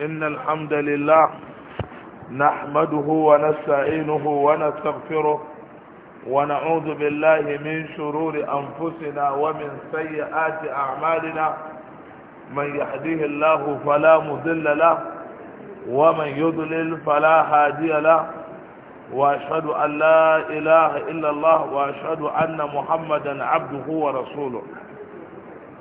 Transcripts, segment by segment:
إن الحمد لله نحمده ونستعينه ونستغفره ونعوذ بالله من شرور أنفسنا ومن سيئات أعمالنا من يهديه الله فلا مذل له ومن يضلل فلا هادي له وأشهد أن لا إله إلا الله وأشهد أن محمدا عبده ورسوله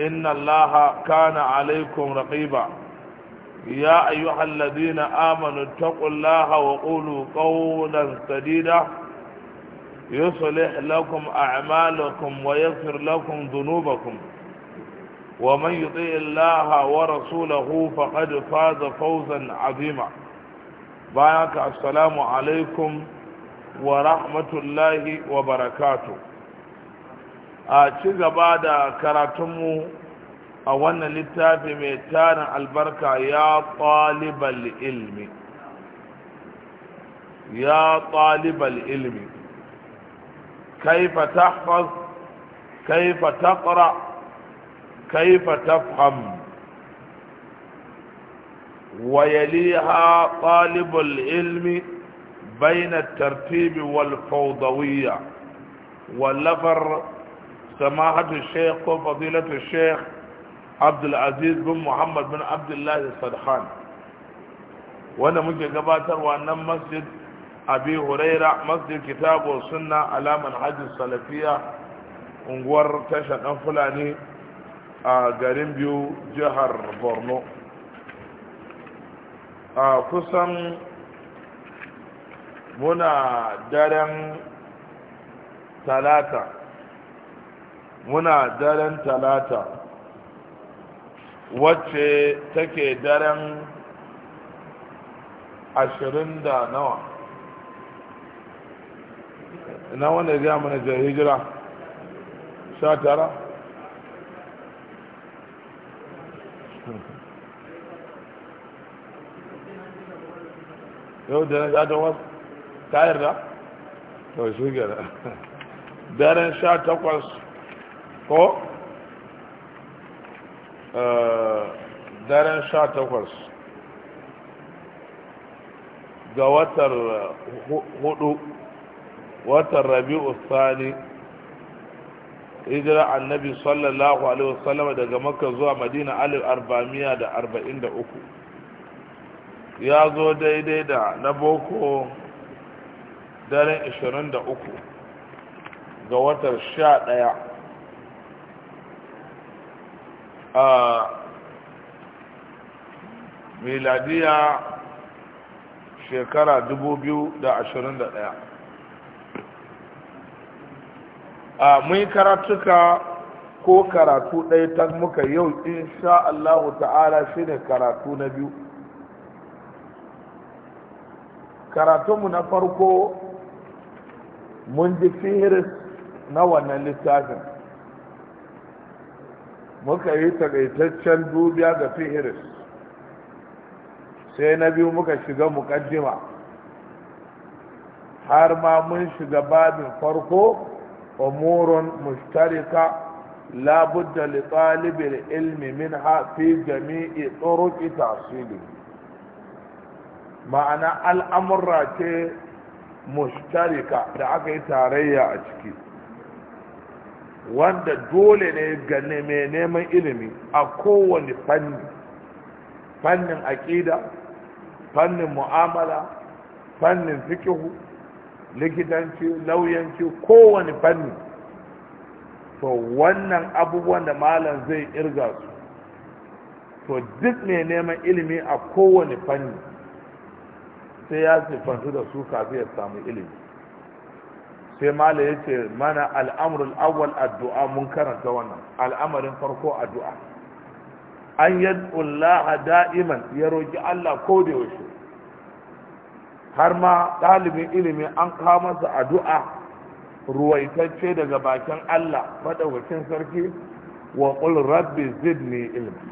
إن الله كان عليكم رقيبا يا أيها الذين آمنوا اتقوا الله وقولوا قولا سديدا يصلح لكم أعمالكم ويغفر لكم ذنوبكم ومن يطيع الله ورسوله فقد فاز فوزا عظيما بارك السلام عليكم ورحمة الله وبركاته a ci gaba da karatunmu a wannan littafi mai tarin albarka ya ɗalibar ilmi ya ɗalibar ilmi kaifa tahfaz kaifa taqra kaifa tafham ويليها طالب العلم بين الترتيب والفوضوية واللفر samahatu sheikh ko fadilatu sheikh abdulaziz bin muhammad bin abdullahi sadhan wanda muke gabatarwa na masjid abi huraira masjid Kitabo sunna alaman hajji salafiya unguwar tasha ɗan fulani a garin biyu jihar borno a kusan muna daren talata muna daren talata wacce take daren ashirin da nawa na wanda zai mana da hijira sha tara yau da ya zaɗin wasu tayar da? to shi gara daren sha takwas ko eh, daren sha takwas ga watar hudu watar rabi'u sani hijira annabi sallallahu alaihi wasallama daga makka zuwa madina alif arba'amiya da arba'in da uku ya zo daidai da na boko daren ishirin da uku ga watar sha ɗaya miladiya shekara da ashirin 2021 a mun karatuka ko karatu ɗaya ta muka yau insha Allahu ta'ala shine karatu na biyu karatunmu na farko mun ji fihiris na wannan littafin muka yi takaitaccen dubiya ga fihiris sai na biyu muka shiga mukaddima har ma mun shiga babin farko umurun mustarika labudda li talibil ilmi minha fi jami'i tsoroki, tasiri. ma'ana al'amurra ce mushtarika da aka yi tarayya a ciki wanda dole ne ga mai neman ilimi a kowane fanni fannin aƙida fannin mu'amala fannin fikihu likitanci lauyanci kowane fanni to wannan abubuwan da malam zai irga su to duk mai neman ilimi a kowane fanni sai ya siffantu da su kafin ya samu ilimi sai malam ya ce mana al'amurul awwal addu'a mun karanta wannan al'amarin farko addu'a an yad'Ullaha da'iman ya roƙi Allah ko da yaushe har ma ɗalibin ilimin an kawo masa addu'a ruwaitacce daga bakin Allah faɗaukacin sarki wa ƙul rabbi zidni ilmi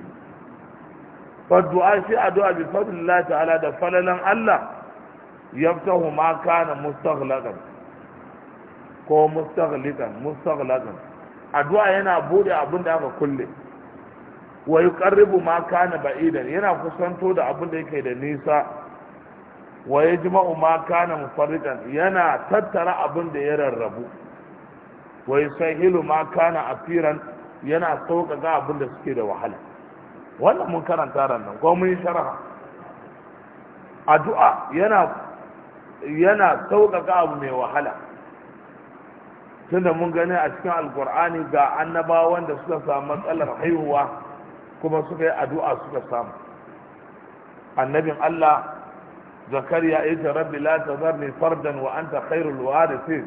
fadu'a shi addu'a bi fadlillah ta'ala da falalan Allah yaftahu ma kana mustaghlaqan ko mustaghliqan mustaghlaqan addu'a yana bude abin da aka kulle wa yuqarribu ma kana ba'idan yana kusanto da abin da yake da nisa wa yajma'u ma kana mufarridan yana tattara abin da ya rarrabu wa yusahilu ma kana afiran yana sauƙaƙa abin da suke da wahala wannan mun karanta ran ko mun yi sharha addu'a yana yana sauƙaƙa abu mai wahala tunda mun gani a cikin alkur'ani ga annabawan da suka samu matsalar haihuwa kuma suka yi addu'a suka samu annabin Allah zakariya ya ce rabbi la tazarni fardan wa anta khairul warithin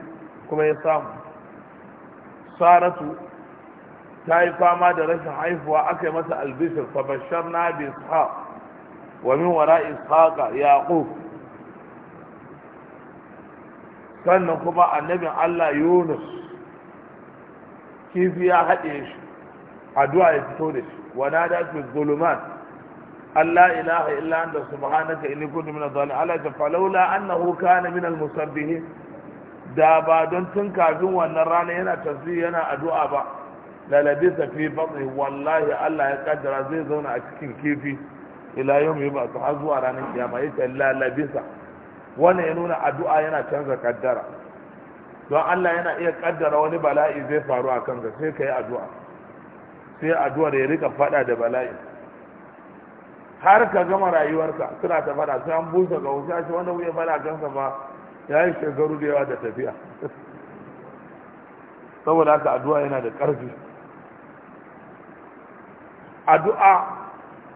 kuma ya samu saratu ta yi fama da rashin haihuwa aka yi masa albishir fa basharna bi ishaq wa min wara ishaqa yaqub sannan kuma annabin Allah Yunus kifi ya haɗe shi addu'a ya fito da shi wa nada fi zulumat Allah ilaha illa anta subhanaka inni kuntu minadh zalimin Allah ta falawla annahu kana minal musabbihin da ba don tun kafin wannan rana yana tasbih yana addu'a ba la labisa fi batni wallahi Allah ya kaddara zai zauna a cikin kifi ila yau mai ba su har zuwa ranar kiyama yace la labisa wannan ya nuna addu'a yana canza kaddara don Allah yana iya kaddara wani bala'i zai faru a kanka sai ka yi addu'a sai da ya rika fada da bala'i har ka gama rayuwarka suna ta fada sai an busa ga wuce shi wanda wuya fada kansa ba ya yi shekaru da yawa da tafiya saboda haka addu'a yana da ƙarfi addu'a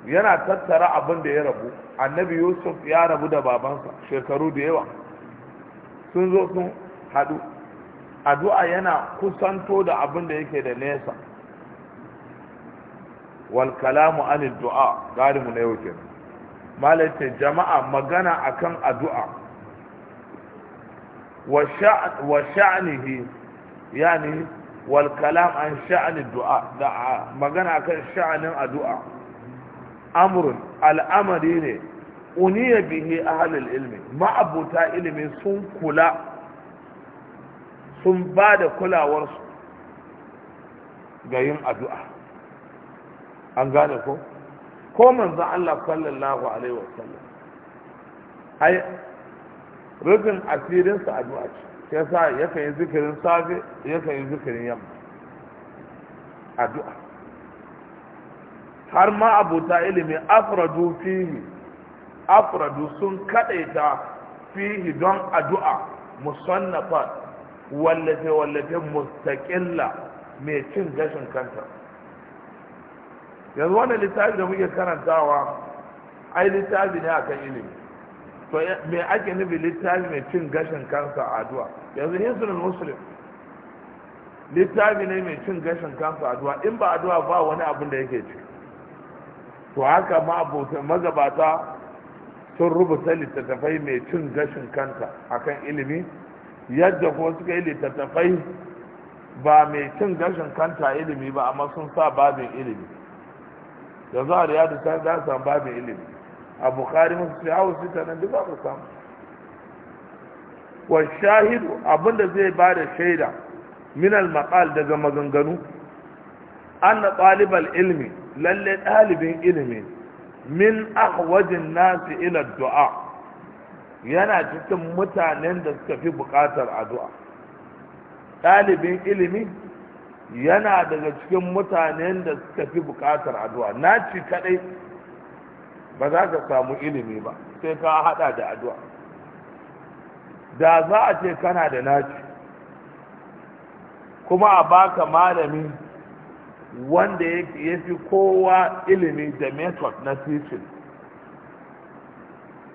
yana tattara abin da ya rabu annabi yusuf ya rabu da babansa shekaru da yawa sun zo sun haɗu addu'a yana kusanto da abin da yake da nesa wal kalamu anil du'a mu na yau ke malaita jama'a magana akan addu'a wa sha'nihi yani wal kalam an sha'anin du'a da magana akan sha'anin addu'a amrun al'amari ne uniya bihi halin ilmi ma'abuta ilimi sun kula sun ba da kulawarsu ga yin addu'a an gane ko ko manzon Allah sallallahu alaihi wasallam ai rufin asirinsa addu'a ce sa yakan yi zikirin safe yakan yi zikirin yamma addu'a har ma abota ilimi afradu fihi afradu sun kadaita fihi don addu'a musannafa wallafe wallafe mustaqilla mai cin gashin kanta yanzu wannan littafi da muke karantawa ai littafi ne akan ilimi to me ake nufi littafi mai cin gashin kansa a addu'a yanzu hisnul muslim littafi ne mai cin gashin kansa addu'a in ba addu'a ba wani abin da yake ciki to haka ma abokan magabata sun rubuta littattafai mai cin gashin kanta akan ilimi yadda kuma suka yi littattafai ba mai cin gashin kanta ilimi ba amma sun sa babin ilimi da za a riyadu ta za samu babin ilimi a bukari musu sai hawa sita nan duk za ku samu wa shahidu abinda zai ba da shaida minal maqal daga maganganu an na ɗalibar ilimin lalle ɗalibin ilimi min ahwajin nasi ila du'a yana cikin mutanen da suka fi buƙatar addu'a ɗalibin ilimi yana daga cikin mutanen da suka fi buƙatar addu'a na ci kaɗai ba za ka samu ilimi ba sai ka haɗa da addu'a da za a ce kana da naci kuma a baka malami wanda ya fi kowa ilimi da method na teaching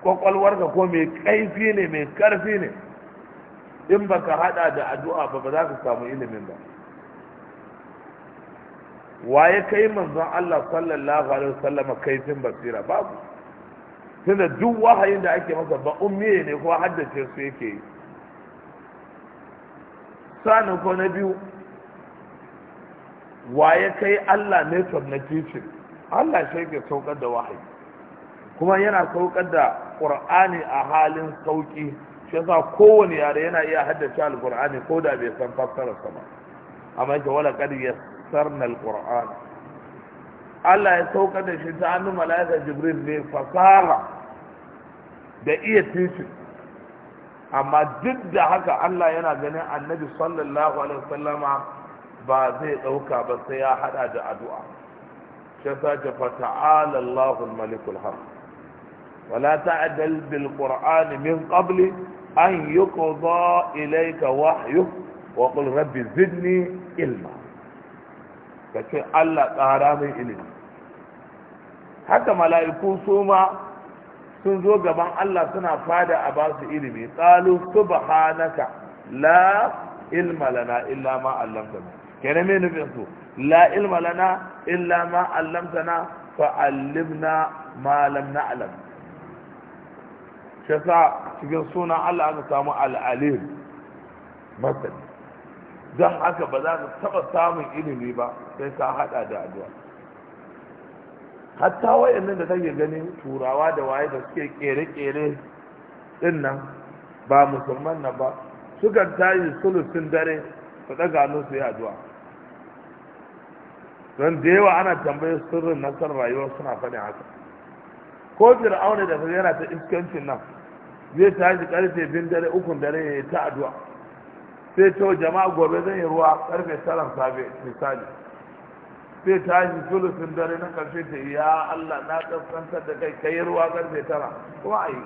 kwakwalwarka ko mai kaifi ne mai karfi ne in ba ka hada da addu'a ba ba za ka samu ilimin ba Wa ya kai manzon Allah sallallahu alaihi wasallama kaifin basira babu tunda duk wahayin da ake masa ba ummiye ne ko haddace su yake yi sanin ko na biyu waye kai Allah ne na kicin Allah shi ke saukar da wahayi kuma yana saukar da Qur'ani a halin sauki shi yasa kowane yare yana iya haddace alqur'ani ko da bai san fassarar sa ba amma ke wala kad yassarna quran Allah ya saukar da shi ta hannun mala'ika Jibril ne fasara da iya tishi amma duk da haka Allah yana ganin Annabi sallallahu alaihi wasallama ba zai ɗauka ba sai ya haɗa da addu'a shi yasa ta fata'ala Malikul Haq wala ta'dal bil qur'ani min qabli an yuqda ilayka wahyu wa qul rabbi zidni ilma kace Allah tsara min ilimi haka mala'iku su sun zo gaban Allah suna fada a basu ilimi qalu subhanaka la ilma lana illa ma 'allamtana kene me nufin su la ilma lana illa ma allamtana fa allimna ma lam na'lam shi sa cikin sunan Allah aka samu al-alim masani dan haka ba za ka taba samun ilimi ba sai ka hada da addu'a hatta wayannan da kake ganin turawa da waye da suke kere-kere din nan ba musulman nan ba sukan tayi sulusin dare su daga hannun su yi addu'a don da yawa ana tambayar sirrin nasar rayuwar suna faɗin haka ko fir'auna da yana ta iskancin nan zai tashi karfe bin dare ukun dare ya yi ta addu'a sai to jama'a gobe zan yi ruwa karfe taran safe misali sai tashi sulusin dare na karfe ta ya Allah na kaskantar da kai kai ruwa karfe tara kuma a yi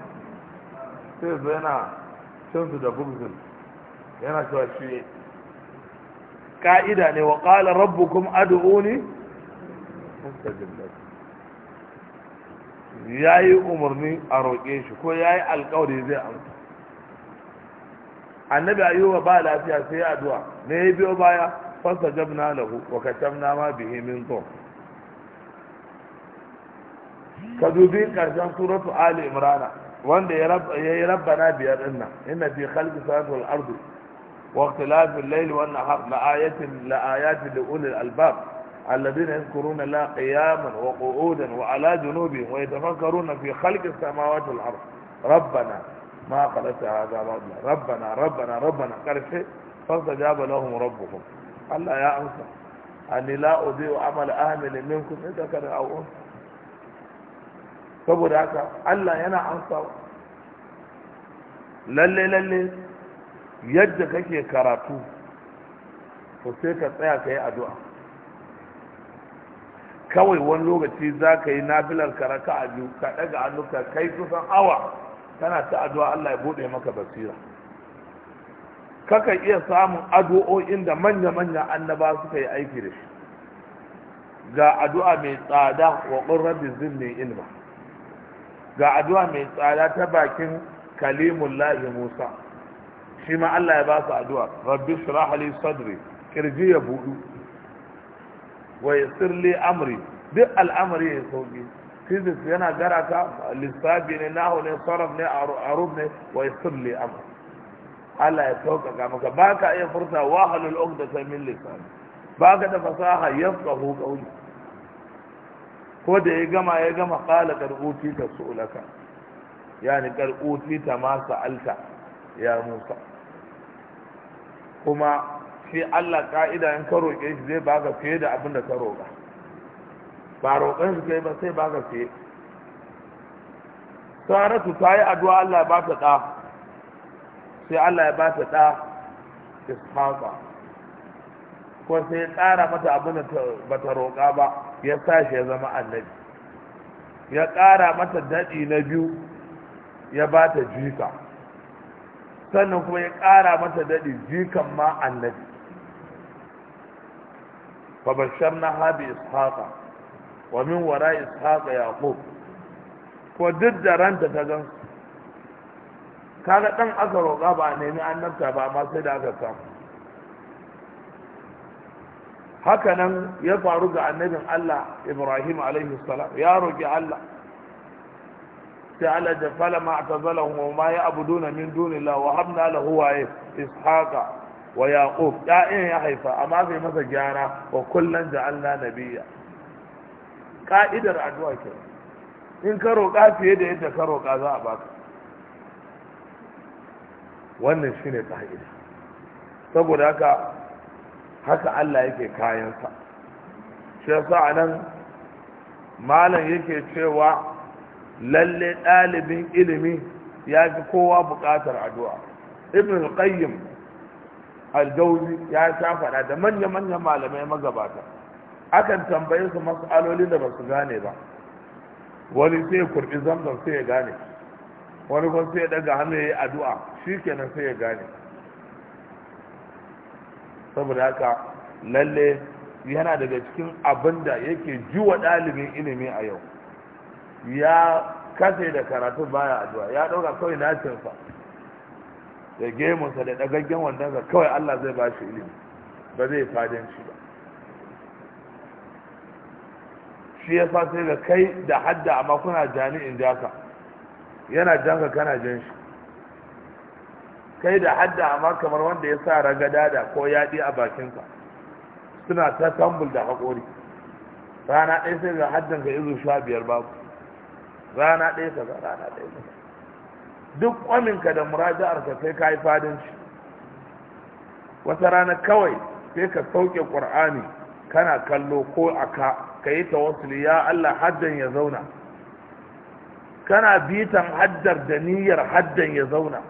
sai zai yana cinsu da bugzin yana cewa shi ka'ida ne wa qala rabbukum ad'uni Ya yayi umarni a roƙe shi ko yayi alƙawari zai amsa annabi ayyuba ba lafiya sai addu'a ne ya biyo baya fastajabna lahu wa katamna ma bihi min dhur ka dubi karshen suratu ali imrana wanda ya yi rabbana biyar dinnan inna fi khalqi samawati wal ardi واختلاف الليل والنهار لآيات لآيات لأولي الألباب الذين يذكرون الله قياما وقعودا وعلى جنوبهم ويتفكرون في خلق السماوات والأرض ربنا ما خلقت هذا ربنا ربنا ربنا ربنا كرشه فاستجاب لهم ربهم قال يا أنسى أني لا أضيع عمل أهل منكم إذا كان أو أنثى saboda haka Allah yana للي lalle lalle yadda kake karatu to sai ka tsaya ka yi addu'a kawai wani lokaci za ka yi nafilar karaka a biyu ka ɗaga ka kai kusan awa kana ta addu'a Allah ya buɗe maka basira Kaka iya samun addu'o'in da manya-manya annaba suka yi aiki da shi ga addu'a mai tsada wa ƙurrabi zinni ilma ga addu'a mai tsada ta bakin kalimullahi musa shi ma Allah ya ba su addu'a rabbi shirah li sadri kirji ya budu wa yassir li amri duk al'amari ya sauƙi. physics yana garata lissafi ne na ne sarraf ne arub ne wa yassir li amri Allah ya sauƙaƙa maka ba ka iya furta wahalul uqdatan min lisani ba ka da fasaha ya yafqahu qawli ko da ya gama ya gama qala qad ka. su'laka yani qad utita ma sa'alta ya Musa kuma shi Allah ka'ida in ka roƙe shi zai baka fiye da abin da ka roƙa ba roƙon shi kai ba sai baka fiye saratu ta yi addu'a Allah ya ba ta ɗa sai Allah ya ba ta ɗa ishaqa ko sai tsara mata abin da ba ta roƙa ba ya sa shi ya zama annabi ya ƙara mata daɗi na biyu ya ba ta jika sannan kuma ya ƙara mata daɗi jikan ma annabi babashar na habi ishaqa wa min wara ishaqa yaqub ko duk da ranta ta gan kaga ɗan aka roƙa ba a nemi annabta ba amma sai da aka samu haka nan ya faru ga annabin Allah Ibrahim alaihi salam ya roƙi Allah ta'ala jafala ma atazalahum wa ma ya'buduna min dunillahi wa habna lahu wa ishaqa wa yaqub ya'in ya haifa amma sai masa gyara wa kullan ja'alna nabiyya ka'idar addu'a ke in ka roƙa fiye da yadda ka roƙa za a baka wannan shine ka'ida saboda haka haka Allah yake kayansa shi yasa anan malam yake cewa lalle ɗalibin ilimi ya fi kowa buƙatar addu'a ibn al-qayyim al-jawzi ya sha faɗa da manya-manyan malamai magabata akan tambaye su mas'aloli da ba su gane ba wani sai kurɓi zamzam sai ya gane wani kuma sai ya daga hannu ya yi addu'a shi kenan sai ya gane saboda haka lalle yana daga cikin abin da yake ji wa ɗalibin ilimi a yau ya kase da karatu baya addu'a ya dauka kawai fa. da gemunsa da dagaggen wandonsa kawai Allah zai ba shi ilimi ba zai shi ba shi ya fa sai da kai da hadda amma kuna jami'in jaka yana janka kana jan shi kai da hadda amma kamar wanda ya sa ragada da ko yaɗi a bakinka suna ta tambul da haƙori rana ɗaya sai ga haddanka izu sha biyar babu rana ɗaya kaza rana ɗaya ka duk kwaminka da ka sai ka yi fadin shi wata rana kawai sai ka sauke ƙur'ani kana kallo ko a ka ka yi tawassuli ya Allah haddan ya zauna kana bitan haddar da niyyar haddan ya zauna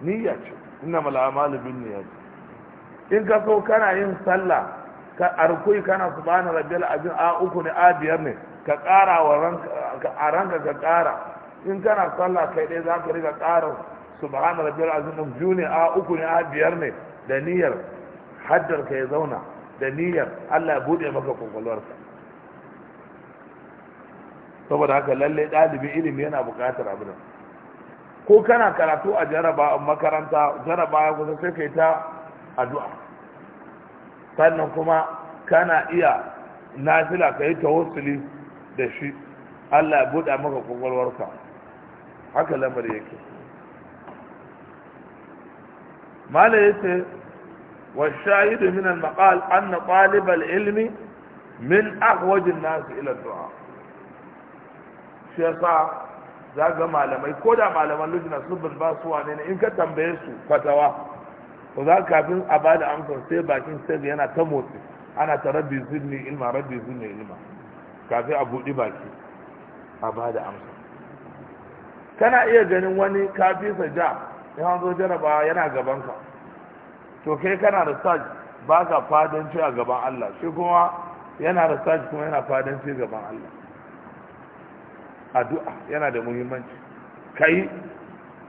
niyya ce inna mal'amalu bin niyyat in ka so kana yin sallah ka arkui kana subhana rabbil azim a uku ne a biyar ne ka ƙara wa a ranka ka ƙara in kana sallah kai ɗaya za ka riga ƙara subhana rabbiyal azim biyu ne a uku ne a biyar ne da niyyar haddar ka ya zauna da niyyar Allah ya buɗe maka ka saboda haka lalle ɗalibin ilimi yana buƙatar abin ko kana karatu a jaraba makaranta jaraba ya kusa sai kai ta addu'a sannan kuma kana iya nafila ka yi tawassuli da shi Allah buɗa maka kwakwalwarka haka lamar yake mala yace wa shahidu min al-maqal anna talib al-ilmi min ahwaj an-nas ila ad-du'a shefa zaga malamai ko da malaman lujina sun ba su wane ne in ka tambaye su fatawa ko za kafin a bada amsa sai bakin sai yana ta motsi ana ta rabbi zidni ilma rabbi zinni ilma kafin a buɗi baki a ba da amsa kana iya ganin wani kafin sa ja in an zo jaraba yana gabanka to kai kana da saj ba ka fadanci a gaban Allah shi kuma yana da saj kuma yana fadanci gaban Allah addu'a yana da muhimmanci kai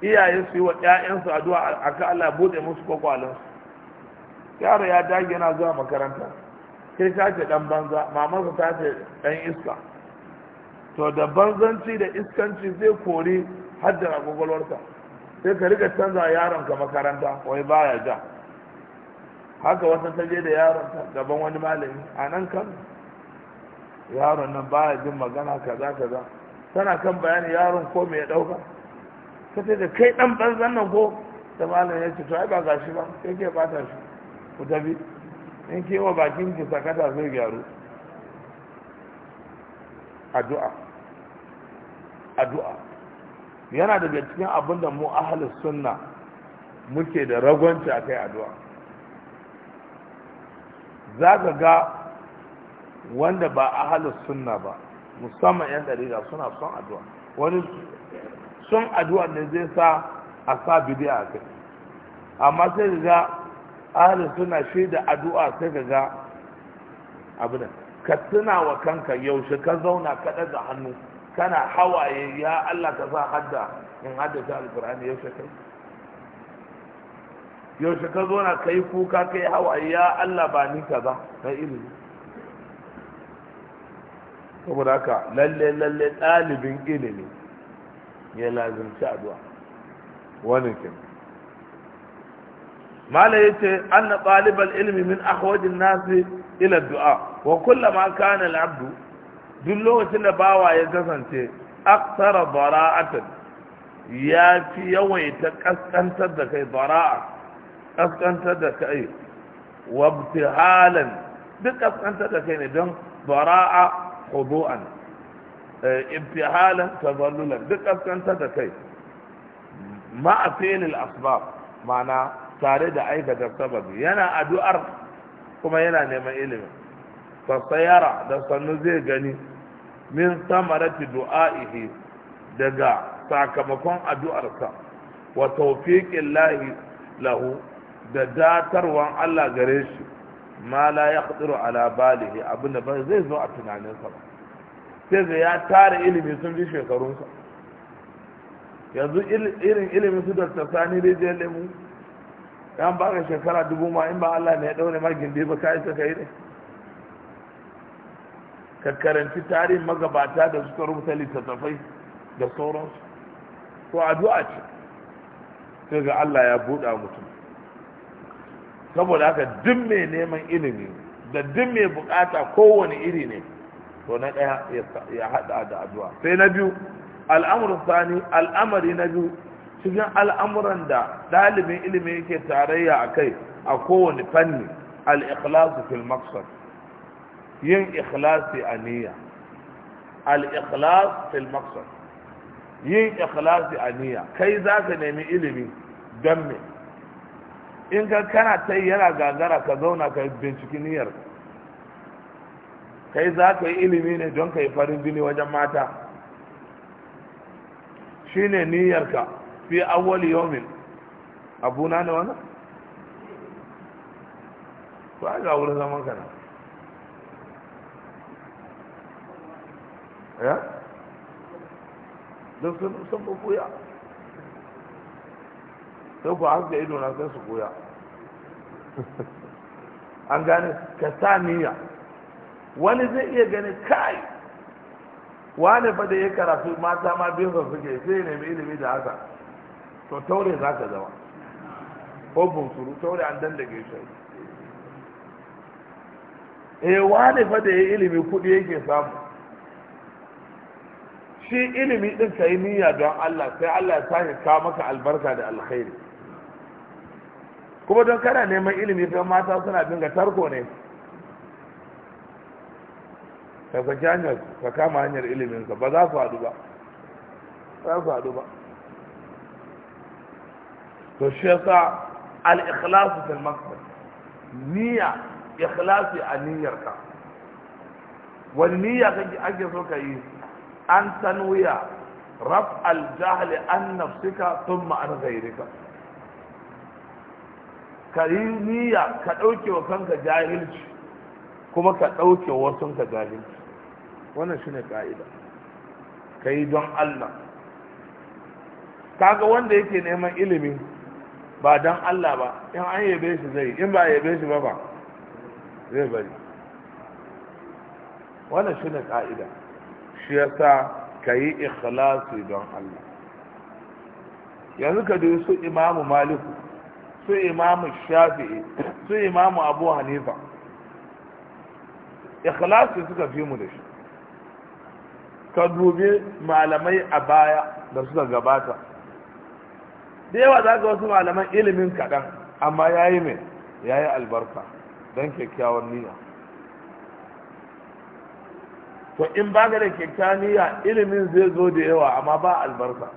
iyaye su yi wa ƴaƴansu addu'a akan Allah bude musu kwakwalansu yaro ya dage yana zuwa makaranta sai ta ce dan banza mamansa ta ce dan iska to da banzanci da iskanci zai kori haddana kwakwalwarsa sai ka rika canza ka makaranta wai baya ja haka wata ta je da yaronta gaban wani malami a nan kan yaron nan baya jin magana kaza kaza tana kan bayani yaron ko ya dauka ta ce da kai dan banzan nan ko da malami ya ce to ai ba gashi ba sai ke bata shi ku tafi in ke wa bakin ki sakata zai gyaru addu'a addu'a yana daga cikin abin da mu ahalus sunna muke da ragwanci akai addu'a za ka ga wanda ba ahalus sunna ba musamman 'yan dariga suna son addu'a wani son addu'a ne zai sa a sa bidiya a kai amma sai ga ahli suna shi da addu'a sai ka ga abin ka tuna wa kanka yaushe ka zauna ka da hannu kana hawaye ya Allah ka sa hadda in ta alkur'ani yaushe kai yaushe ka zauna ka kai kuka kai hawaye ya Allah ba ni ba na ilimi saboda haka lalle lalle ɗalibin ilimi ya lazimci addu'a wannan kenan malai ce anna talibal ilmi min ahwajin nasi ila du'a wa kullama kana al-abdu duk lokacin da bawa ya kasance aksara bara'atan ya fi yawaita kaskantar da kai bara'a kaskantar da kai wabtihalan duk kaskantar da kai ne don bara'a hudu'an eh, ibtihalan tazallulan duk kaskantar da kai tare da aikata sababi yana addu'ar kuma yana neman ilimin fasayara da sannu zai gani min samarati du'a'ihi daga sakamakon addu'arsa wa tawfiqin lahi lahu da datarwan Allah gare shi ma la yaqdiru ala balihi abinda ba zai zo a tunaninsa ba sai zai ya tara ilimi sun bi shekarunsa yanzu irin ilimin su da tsani rijiyar lemu yan baka shekara dubu ma in ba Allah ne ya daure ma gindi ba kai ka kai ne ka karanci tarihin magabata da suka rubuta littattafai da sauransu to addu'a ce sai ga Allah ya buɗa mutum saboda haka duk mai neman ilimi da duk mai bukata kowane iri ne to na ɗaya ya haɗa da addu'a sai na biyu al'amuru sani al'amari na biyu cikin al'amuran da ɗalibin ilimi yake tarayya a kai a kowane fanni al'ikhlasu fil maksar yin ikhlasi a niyya al'ikhlasu fil maksar yin ikhlasi a niyya kai za ka nemi ilimi don me in ka kana ta yana gagara ka zauna ka binciki niyyar kai za ka yi ilimi ne don ka yi farin jini wajen mata Shi shine niyyarka fi awwal yawmin abuna ne wannan ba ga wurin zaman kana ya don sun ko koya sai ku haska ido na sai su koya an gane ka sa niyya wani zai iya gani kai wani fa da ya karatu mata ma biyu suke sai nemi ilimi da haka to taure za ka zama ko bunsuru taure an da shi e eh, wani fa da ya ilimi kuɗi yake samu shi ilimi ɗin ka yi niyya don Allah sai Allah ya sake ka maka albarka da alkhairi kuma don kana neman ilimi don mata suna dinga tarko ne ka saki hanyar ka kama hanyar iliminsa ba za su haɗu ba za su haɗu ba to shi yasa al-ikhlasu fil maqsad niyya ikhlasi a niyyarka wani niyya kake ake so ka yi an tanwiya raf al-jahli an nafsika thumma an ghayrika ka yi niyya ka ɗauke wa kanka jahilci kuma ka ɗauke wasun ka jahilci wannan shine ka'ida ka yi don Allah kaga wanda yake neman ilimi ba don Allah ba in an yabe shi zai in ba yabe shi ba ba zai bari wannan shi ne ka'ida shi ya sa ka yi ikhlasi don Allah yanzu ka dubi su imamu maliku su imamu shafi'i su imamu abu hanifa ikhlasi suka fi mu da shi ka dubi malamai a baya da suka gabata da yawa za ga wasu malaman ilimin kaɗan amma ya yi mai ya yi albarka don kyakkyawan niyya to in ba ga da kyakkyawan niyya ilimin zai zo da yawa amma ba albarka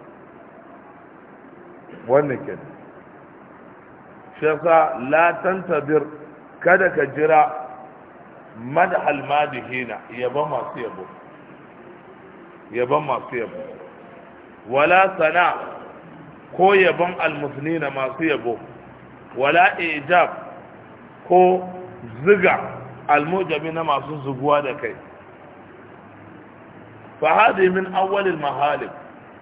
wannan ke shekwa latan tabir kada ka jira madhal hina, yaban masu yabo yaban masu yabo wala sana ko yabon na masu yabo wala ijab ko ziga almujabi na masu zuguwa da kai fa hadi min awwalil mahalik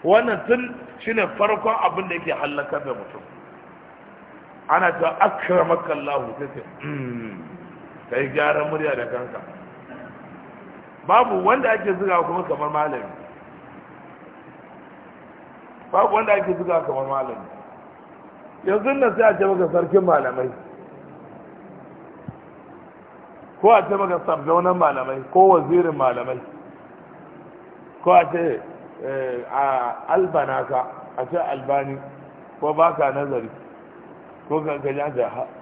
wannan tun shine farkon abin da yake halakar da mutum ana ta akramaka Allah kace hmm, kai gyara murya da kanka babu wanda ake zuga kuma kamar malami babu wanda ake buga kamar malami yanzu nan sai a ce maka sarkin malamai ko a ce maka sarjaunan malamai ko wazirin malamai ko a ce eh, a albanaka a ce albani ko baka nazari ko ka gaji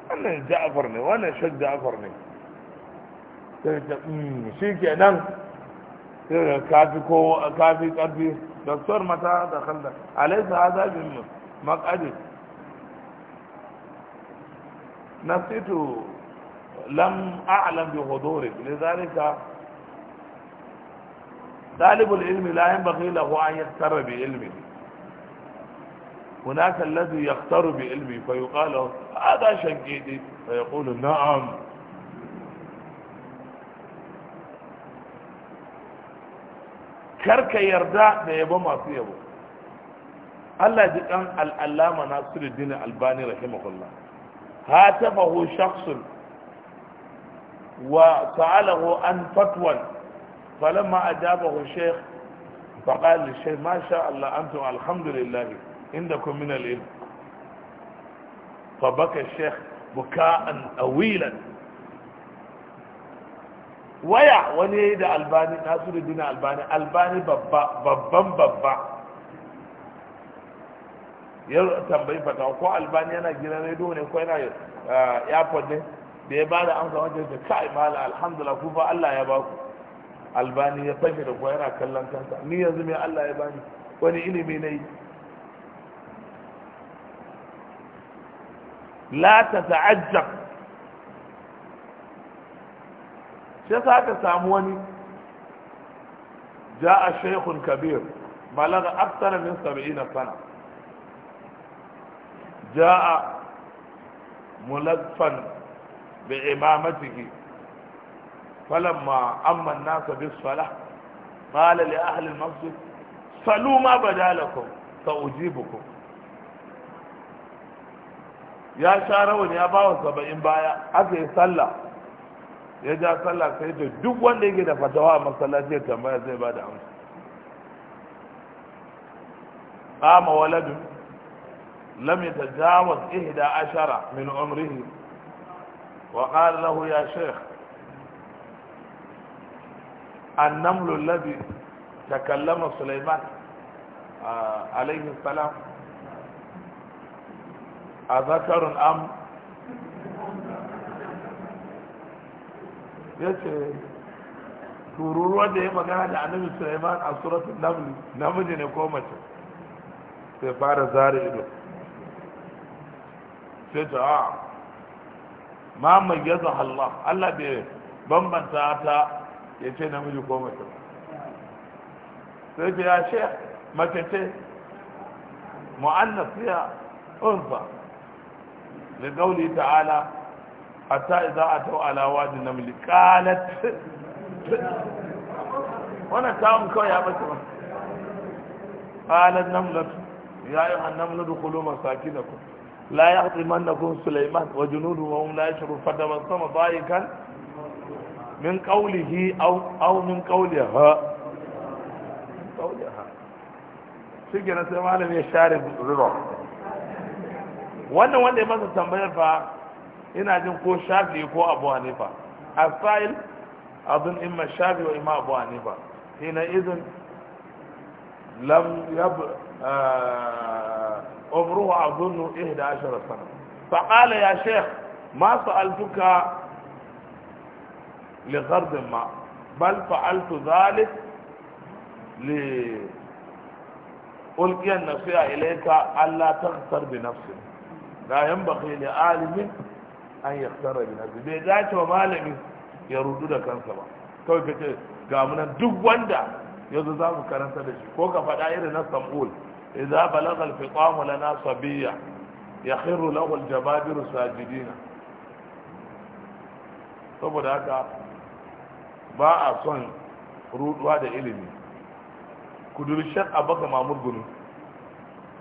wannan ja'afar ne wannan shak ja'afar ne sai ta hmm, shi kenan sai ka kafi ko kafi karfi doktor mata da khalda alaysa hadha bin maqadi nasitu lam a'lam bi hudurik lidhalika طالب العلم لا ينبغي له ان يغتر بعلمه هناك الذي يغتر بعلمه فيقال هذا شنقيدي فيقول نعم karka yarda da yabo masu yabo Allah ji kan al'allama Nasiruddin Albani rahimahullah hatafahu shakhsun wa sa'alahu an fatwan falamma ajabahu shaykh فقال للشيخ ما شاء الله أنتم الحمد لله عندكم من العلم فبكى الشيخ بكاء طويلا waya wani ya yi da albani dina albani albani babban babba ya tambayi fata ko albani yana gidan rediyo ne ko yana eh, airport ne da ya ba da amsa wajen da kai mala alhamdulillah ku fa Allah ya baku albani ya fashe da kuwa yana kallon kansa ni yanzu mai Allah ya bani wani ilimi na yi la ta ta'ajjab sai sa aka samu wani ja'a shaykhun kabir balaga akthar min 70 sana ja'a ملفا بإمامته فلما أما الناس بالصلاة قال لأهل المسجد صلوا ما بدا لكم سأجيبكم يا شارون يا باو سبعين بايا أكي صلى ya ja sallah sai da duk wanda yake da fatawa a masallaci ya tambaya zai ba da amsa qama waladun lam yatajawaz ihda ashara min umrihi wa qala lahu ya shaykh النمل الذي sulaiman سليمان ah, عليه a أذكر أم ya ce tururuwa da ya magana da annabi suleiman a suratun namli namiji ne ko mace sai fara zare ido sai ta a ah, ma mai yaza Allah Allah bai bambanta ta ya ce namiji ko mace sai ta ya ce mace ce mu'annas ya unfa li qawli ta'ala hatta idza atau ala wadi namli qalat wannan tawon kawai ya bace ba qalat namlatu ya da ayyuhan namlu dukhulu masakinakum la yahtimannakum sulaiman wa junuduhu wa hum la yashurun fatabassama dha'ikan min qawlihi aw aw min qawliha ha. shi gina sai malam ya share riro wannan wanda ya masa tambayar fa ina jin ko shafi ko abu hanifa asail abin imma shafi wa imma abu hanifa ina izin lam yab umruhu azunnu 11 sana fa qala ya sheikh ma sa'altuka li ghard ma bal fa'altu dhalik li ulqiya an-nasiha ilayka alla taghtar bi nafsi la yanbaghi li alimin an ya tsara bi nasu bai dace wa malami ya rudu da kansa ba kawai ka ce ga munan duk wanda yanzu za mu karanta da shi ko ka faɗa irin na sabul idza balagha al-fiqam lana sabiyya yakhirru lahu al sajidina saboda haka ba a son ruduwa da ilimi kudurin a abaka mamur gunu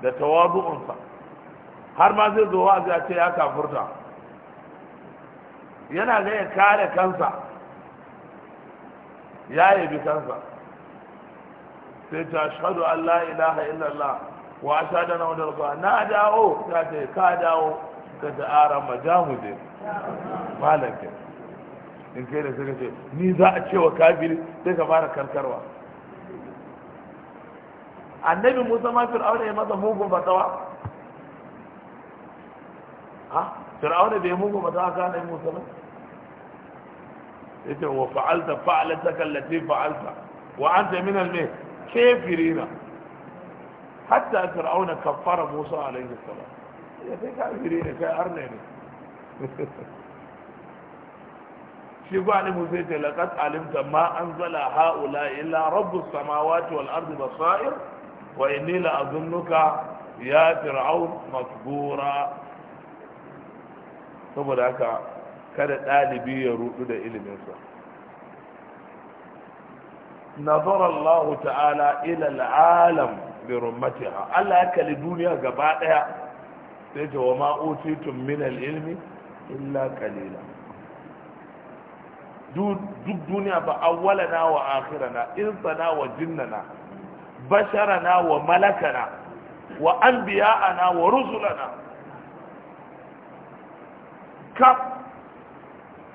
da tawadu'unsa har ma zai zo wa a ce ya kafurta yana zai kare kansa ya yi bi kansa sai ta shahadu Allah ilaha illallah wa ashhadu anna ba na dawo ta ce ka dawo ka ta ara majamuje malakin in kai da suka ce ni za a cewa kafiri sai ka fara karkarwa annabi musa ma fir'auna ya masa mugun fatawa ha فرعون بيموت وما كان يموت إيه له انت وفعلت فعلتك التي فعلتها وانت من الميت كافرين حتى فرعون كفر موسى عليه السلام يا في كافرين في ارنب شو قال موسى لقد علمت ما انزل هؤلاء الا رب السماوات والارض بصائر واني لاظنك يا فرعون مكبورا saboda haka kada ɗalibi ya ruɗu da ilminsa nazar Allah ta'ala ila al'alam bi rummatiha Allah ya kalli duniya gaba daya sai wa ma utitum min al-ilmi illa qalila duk duniya ba awwalana wa akhirana insana wa jinnana basharana wa malakana wa anbiya'ana wa rusulana kaf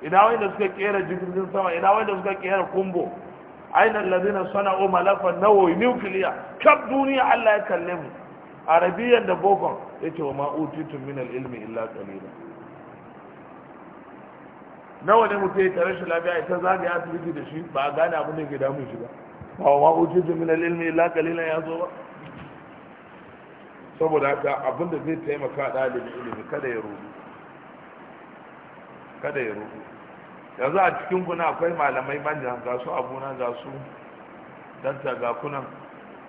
ina wanda suka kera jirgin sama ina wanda suka kera kumbo aina suna o malafan nawawi nukiliya kaf duniya Allah ya kalle mu arabiyan da bokon ya ce wa ma utitu min ilmi illa qalila nawa ne ya tare shi lafiya ita zaga ya asibiti da shi ba a gane abin da ke damun shi ba ba wa utitu min ilmi illa kalila ya zo ba saboda haka abin da zai taimaka ɗalibin ilimi kada ya rubu kada ya rudu yanzu a cikin kuna akwai malamai manja ga su abuna ga su danta ga kunan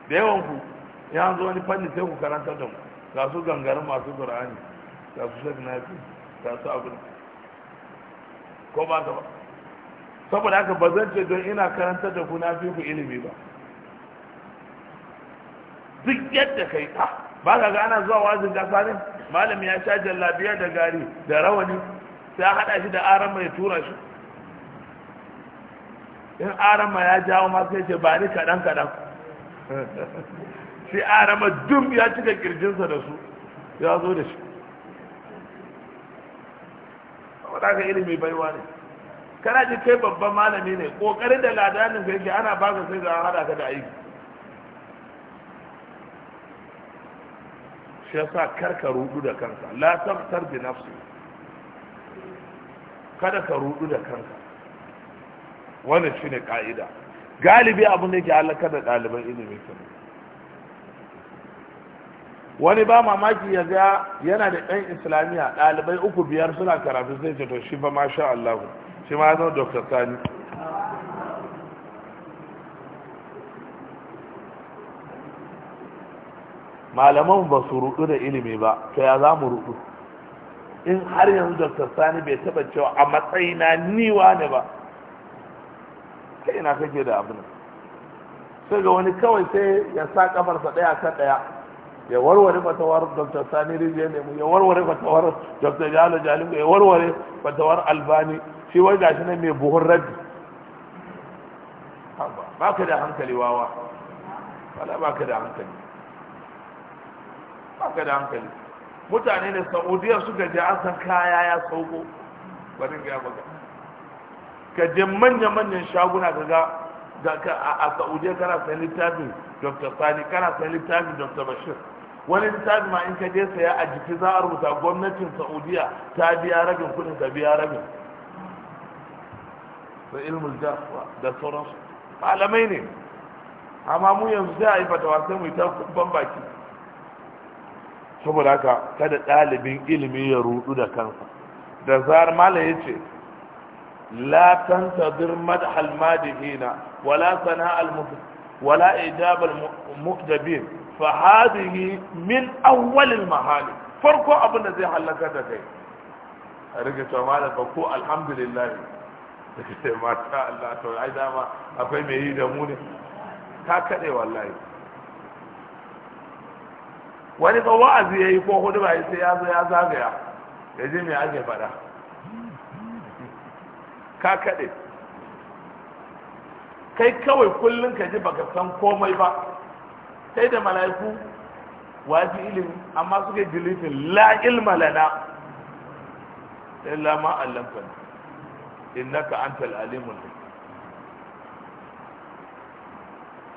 da yawan ku ya zo wani fanni sai ku karanta da mu ga su gangarin masu qur'ani ga su shek nafi ga su abin ko ba ta ba saboda haka ba zan ce don ina karanta da ku na fi ku ilimi ba duk yadda kai ah, ba ka ga ana zuwa wazin gasa malami ya sha jallabiya da gari da rawani sai hada shi da arama ya tura shi in arama ya jawo ma sai ce ba ni kaɗan kaɗan sai arama dum ya cika kirjinsa da su ya zo da shi wadda ka ilimi baiwa ne kana ji kai babban malami ne kokarin da ladanin ka yake ana baka sai ga hada ka da aiki shi yasa karka rudu da kansa la tabtar bi nafsi kada ka rudu da kanka wannan shine ka'ida galibi abin da yake halaka da ɗaliban ilimi kenan wani ba mamaki ya ga yana da ɗan islamiyya ɗalibai uku biyar suna karatu zai ce to shi ba masha Allah shi ma zama Dr. Sani malaman ba su rudu da ilimi ba to ya za mu rudu in har yanzu dr sani bai taba cewa a matsayina niwa ne ba kai na kake da abin sai ga wani kawai sai ya sa kafarsa daya kan daya ya warware fatawar dr sani rijiyar nemu ya warware fatawar dr jalo jalingo ya warware fatawar albani shi wai gashi ne mai buhun rabi ba ka da hankali wawa wala ba ka da hankali ba ka da hankali mutane da saudiya suka je an san kaya ya sauko bari ya maka ka je manya-manyan shaguna ka ga a saudiya kana sayan littafin dr sani kana sayan littafin dr bashir wani littafi ma in ka je saya a jiki za a rubuta gwamnatin saudiya ta biya rabin kudin ka biya rabin da ilmul da sauransu malamai ne amma mu yanzu sai a yi fatawa sai mu yi ta baki saboda haka kada ɗalibin ilimi ya rudu da kansa da zar mala ya ce la tantadir madhal madihina wala sana al wala ijab al muqdabin fa hadhihi min awwal al mahali farko abin da zai halaka da kai a rike cewa mala fa ko alhamdulillah da mata Allah to ai dama akwai mai yi da mu ne ta kade wallahi wani ba wa'azi ya yi ko hudu ba sai ya zo ya zagaya ya je mai ake faɗa ka kaɗe kai kawai kullum ka ji baka san komai ba sai da mala'iku wafi ilimi amma suke dilifin la ilma lana illa ma ka innaka antal alimul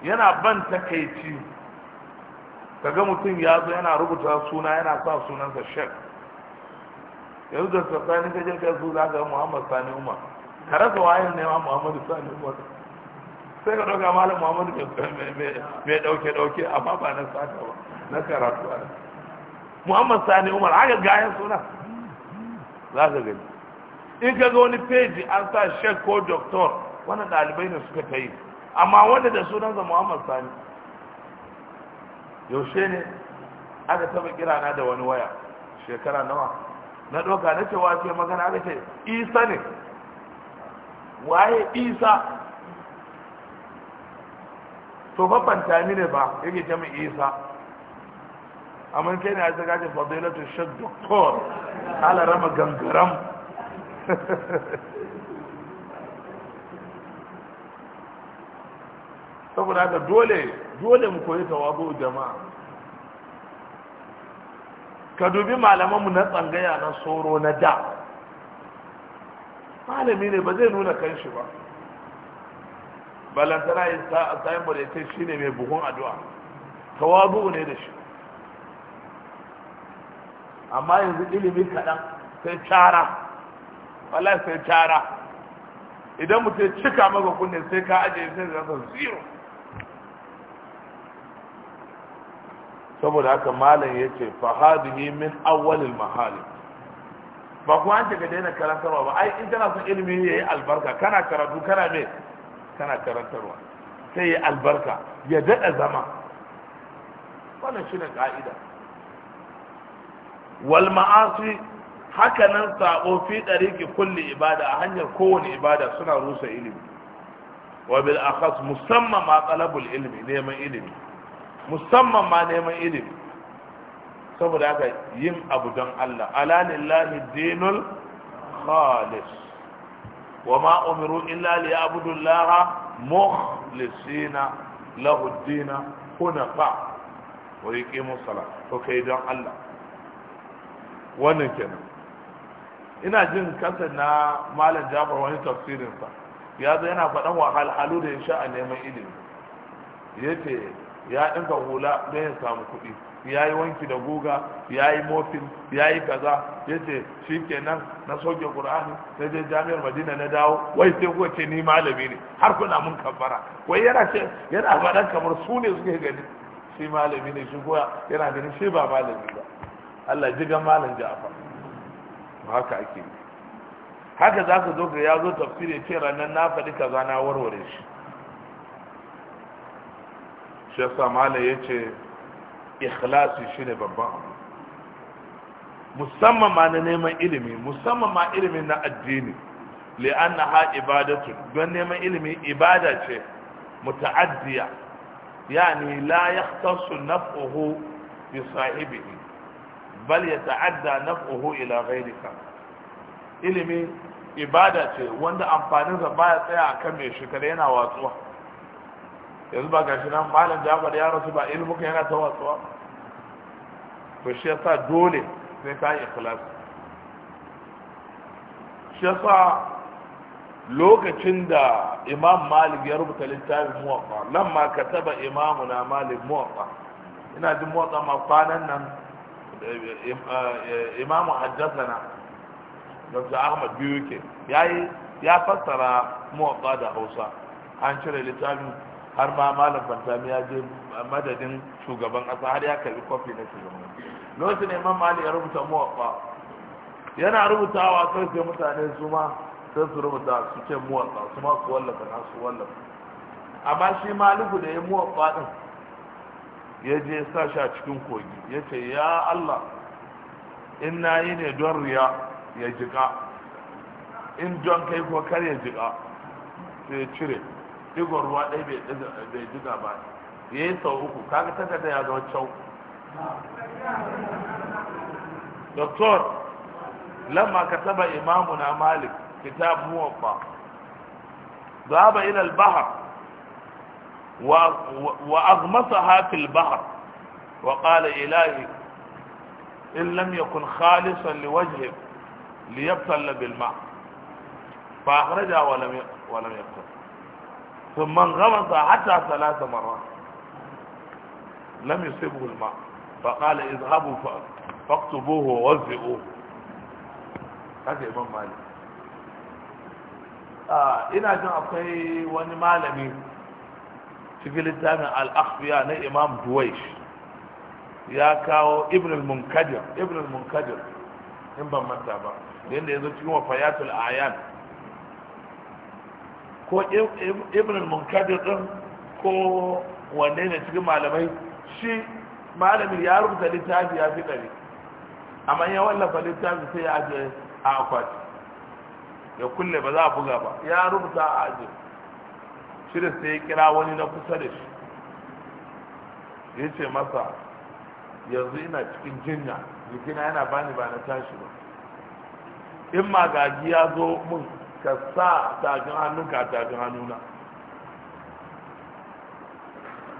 yana ban takaici. kaga mutum ya zo yana rubuta suna yana sa sunansa shek yanzu da sassani ka je su za ka muhammad sani umar ka rasa wayan ne ma muhammadu sani umar sai ka ɗauka malam muhammadu mai ɗauke ɗauke amma ba na sata ba na karatu ba. muhammad sani umar haka gayan suna za ka gani in ka ga wani peji an sa shek ko doktor wani ɗalibai ne suka ta yi amma wanda da sunansa muhammad sani yaushe ne aka taba kira na da wani waya shekara nawa na ɗauka na cewa ce magana aka ce isa ne waye isa to babban ni ne ba yake ce mai isa amma kai ne a zaga ce fadilatu shek doktor ala rama gangaram saboda haka dole dole mu koyi tawabu jama'a ka dubi malamanmu na tsangaya na soro na da malami ne ba zai nuna kanshi ba balantana ya sayan ba da ya ce shi ne mai buhun addu'a tawabu ne da shi amma yanzu ilimi kaɗan sai cara wala sai cara idan mutum cika maka kunne sai ka ajiye sai zasa ziro. saboda haka malam ya ce fahadihi min awwalil mahali ba ku an ce ka daina karantarwa ba ai in kana son ilimi ya yi albarka kana karatu kana me kana karantarwa sai ya albarka ya daɗa zama wannan shine ka'ida wal ma'asi haka nan sabo fi ɗariki kulli ibada a hanyar kowane ibada suna rusa ilimi wa bil akhas musamman ma talabul ilmi neman ilimi musamman ma neman ilimi saboda haka yin abu don Allah ala lillahi dinul khalis wa ma umiru illa li Allah mukhlisina lahu hunafa wa yuqimu salat to kai don Allah wannan kenan ina jin kansa na malam Jafar wani tafsirin sa ya zo yana faɗan wahalhalu da ya sha a neman ilimi yace ya ɗinka hula don ya samu kuɗi ya yi wanki da guga ya yi mofin ya yi kaza ya ce shi nan na soke ƙur'ani na je jami'ar madina na dawo wai sai kuka ce ni malami ne har kuna mun kafara wai yana ce yana faɗan kamar su ne suke gani shi malami ne shi kuwa yana ganin shi ba malami ba Allah ji ga malam Ja'far haka ake haka za ka zo ga ya zo ya ce ranar na faɗi kaza na warware shi shi yasa ya yace ikhlasi shine babban abu musamman ma na neman ilimi musamman ma ilimin na addini li'anna ha ibadatu don neman ilimi ibada ce muta'addiya yani la yahtasu naf'uhu bi sahibihi bal yata'adda naf'uhu ila ghayrika ilimi ibada ce wanda amfaninsa baya tsaya akan mai shi yana watsuwa yanzu ba gashi nan malam jabar ya rasu ba ilmuka yana ta watsuwa to shi yasa dole sai ka yi ikhlas shi yasa lokacin da imam malik ya rubuta littafin muwaffa nan ma ka taba imamuna malik muwaffa ina jin muwaffa ma kwanan nan eh, imamu haddasana dr ahmad biyu ke ya fassara muwaffa da hausa an cire littafin har ma malam bantami ya je madadin shugaban ƙasa har ya karbi kofi na shugaban lokaci ne man mali ya rubuta wa yana rubutawa kai sai mutane su ma sai su rubuta su ce muwaffa su ma su wallafa na su wallafa amma shi maliku da ya muwaffa din ya je sa shi a cikin kogi ya ce ya allah in na yi ne don riya ya jika in don kai ko kar ya jika sai ya cire digon ruwa ɗaya bai diga ba ya yi sau uku kaga da ya zama cau doktor lamma ka taba imamu na malik kitab muwaffa ذهب إلى البحر وأغمسها في البحر وقال إلهي إن لم يكن خالصا لوجهك ليبتل بالماء فأخرجها ولم ولم يبتل ثم غمض حتى ثلاث مرات لم يصبه الماء فقال اذهبوا فاكتبوه ووزئوه هذا امام مالك اه انا جن اقوي واني مالمي في الجامع الاخفياء امام دويش يا كاو ابن المنكدر ابن المنكدر ان بمتابع لان اذا يذكر فيات الاعيان ko ibn al-munkadir din ko wanne ne cikin malamai shi malamin ya rubuta littafi ya fi ɗari amma ya wallafa littafi sai ya aje a akwati ya kulle ba za a buga ba ya rubuta a aje shi da sai ya kira wani na kusa da shi ya ce masa yanzu ina cikin jinya jikina yana bani ba na tashi ba in magaji ya zo mun ka sa tafin hannunka tafin na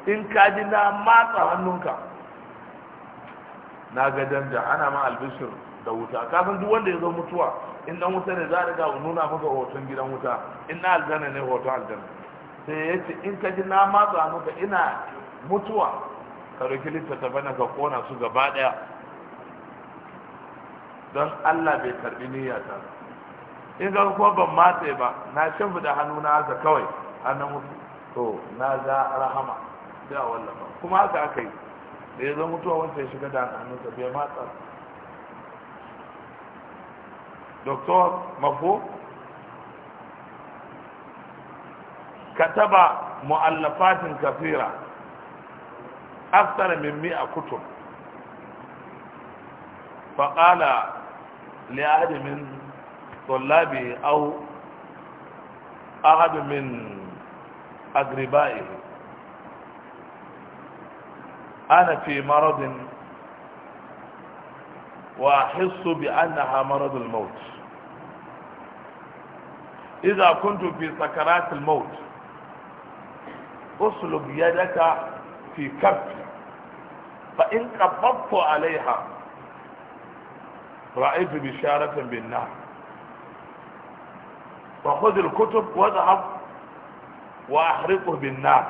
in ka ji na matsa hannunka na ga danja ana ma albishir da wuta kafin duk wanda ya zo mutuwa in dan wuta ne za a riga nuna maka hoton gidan wuta in na aljanna ne hoton aljanna sai ya ce in ka ji na matsa hannunka ina mutuwa ka roki littattafa na ka kona su gaba daya don allah bai karbi niyyata ba in ga kuma ban matse ba na shafi da hannu na haka kawai hannun mutu to na za rahama da wallafa kuma haka aka yi da ya zama mutuwa wanda ya shiga da hannunsa bai matsa doktor mafo kataba mu'allafatin kafira أكثر من 100 كتب فقال لأحد من طلابه أو أحد من أقربائه أنا في مرض وأحس بأنها مرض الموت إذا كنت في سكرات الموت أسلب يدك في كف فإن قبضت عليها رأيت بشارة بالنار فخذ الكتب واذهب وأحرقه بالنار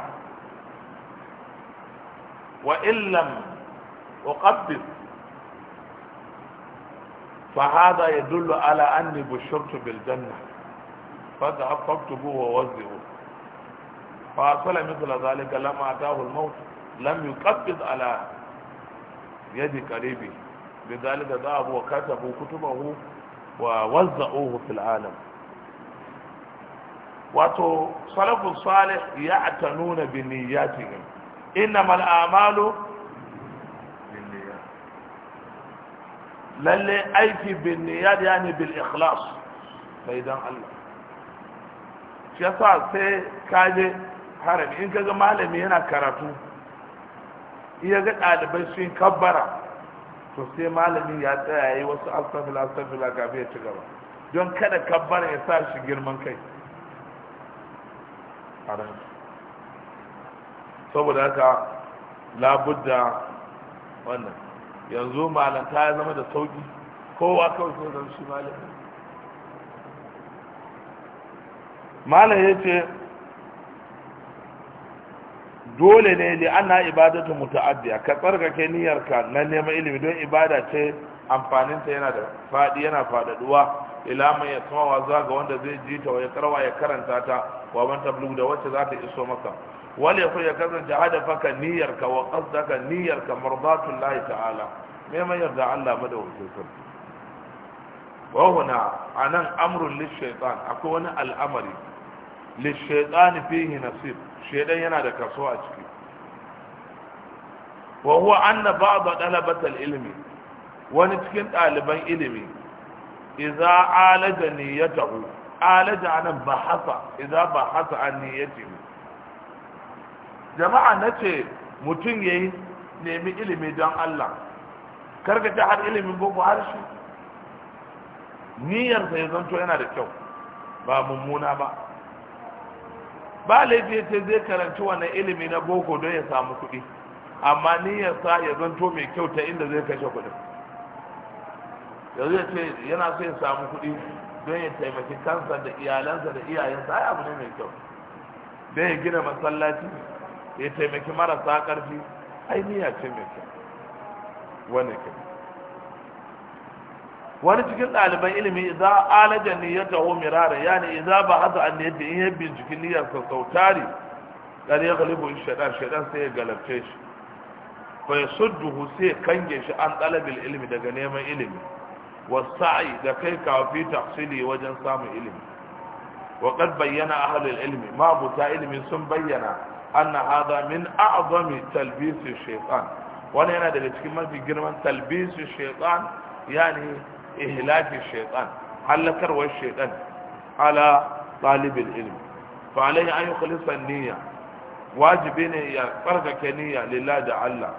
وإن لم أقبض فهذا يدل على أني بشرت بالجنة فاذهب فاكتبوه ووزئوه فاصل مثل ذلك لما أتاه الموت لم يقبض على يد قريبه لذلك ذهبوا وكتبوا كتبه ووزعوه في العالم wato salafus salih ya nuna atanuna bi niyyatihim innamal a'malu lalle aiki bin niyyat yani bil ikhlas sai dan Allah shi sa sai kaje harami in kaga malami yana karatu iya ga ɗalibai sun kabbara to sai malami ya tsaya ya yi wasu astagfirullah astagfirullah kafin ya ci gaba don kada kabbara ya sa shi girman kai haram saboda haka labudda wannan yanzu malanta ya zama da sauki kowa kawai so zan shi malami malam ya ce dole ne li ana ibadatu muta'addiya ka tsarkake niyyarka na neman ilimi don ibada ce amfaninta yana da faɗi yana faɗaɗuwa ila mai ya tsawa wa ga wanda zai ji ta ya karwa ya karanta ta wa man tablu da wacce za ta iso maka wal yakun ya kasance hadafaka niyyarka wa niyyar niyyarka mardatul lahi ta'ala me mai yarda Allah madawacin sarki wa huna anan amrun lishaitan akwai wani al'amari lishaitan fihi nasib shaidan yana da kaso a ciki wa huwa anna ba'd talabatal ilmi wani cikin ɗaliban ilimi iza alaja niyyatahu alaja ba bahasa iza bahasa an niyyatihi jama'a na ce mutum ya yi nemi ilimi don Allah karka ta har ilimin boko har shi niyyar ya zanto yana da kyau ba mummuna ba ba laifi ce zai karanci wannan ilimi na boko don ya samu kuɗi amma niyyar sa ya zanto mai kyau ta inda zai kashe kuɗi. yanzu ya ce yana so ya samu kuɗi don ya taimaki kansa da iyalansa da iyayensa ai abu ne mai kyau don ya gina masallaci ya taimaki marasa ƙarfi ai niyya ce mai kyau wani kyau wani cikin ɗaliban ilimi idan alaja ya taho mirara yani idan ba hasa an niyyata in ya binciki niyyarsa sau tari dan ya galibu shaɗan shaɗan sai ya galabce shi fa yasudduhu sai kange shi an talabil ilimi daga neman ilimi والسعي da kai kafi tafsili wajen samun ilimi wa qad bayyana ahlul ilmi ma buta ilmi sun bayyana anna hadha min a'zami talbis shaytan wani yana daga cikin mafi girman talbis shaytan yani ihlaki shaytan halakarwar shaytan ala talibul ilmi fa alayhi an yukhlisa niyya wajibi ne ya tsarkake niyya lillahi da Allah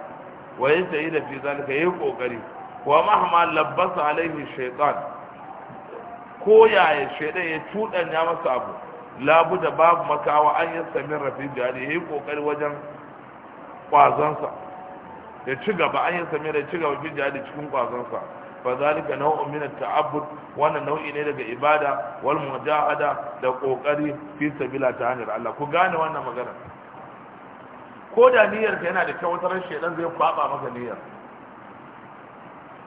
wa yasayi da fi zalika yayi kokari wa mahama labbasa alaihi shaitan ko yaya shaitan ya cuɗanya masa abu labu da babu makawa an yi samin rafi jari ya yi ƙoƙari wajen ƙwazonsa ya ci gaba an yi samin da ci gaba bi cikin ƙwazonsa fa zalika nau'un min ta'abbud wannan nau'i ne daga ibada wal mujahada da ƙoƙari fi sabila ta hanyar Allah ku gane wannan magana ko da niyyar ka yana da kyautar wata shaitan zai kwaba maka niyyar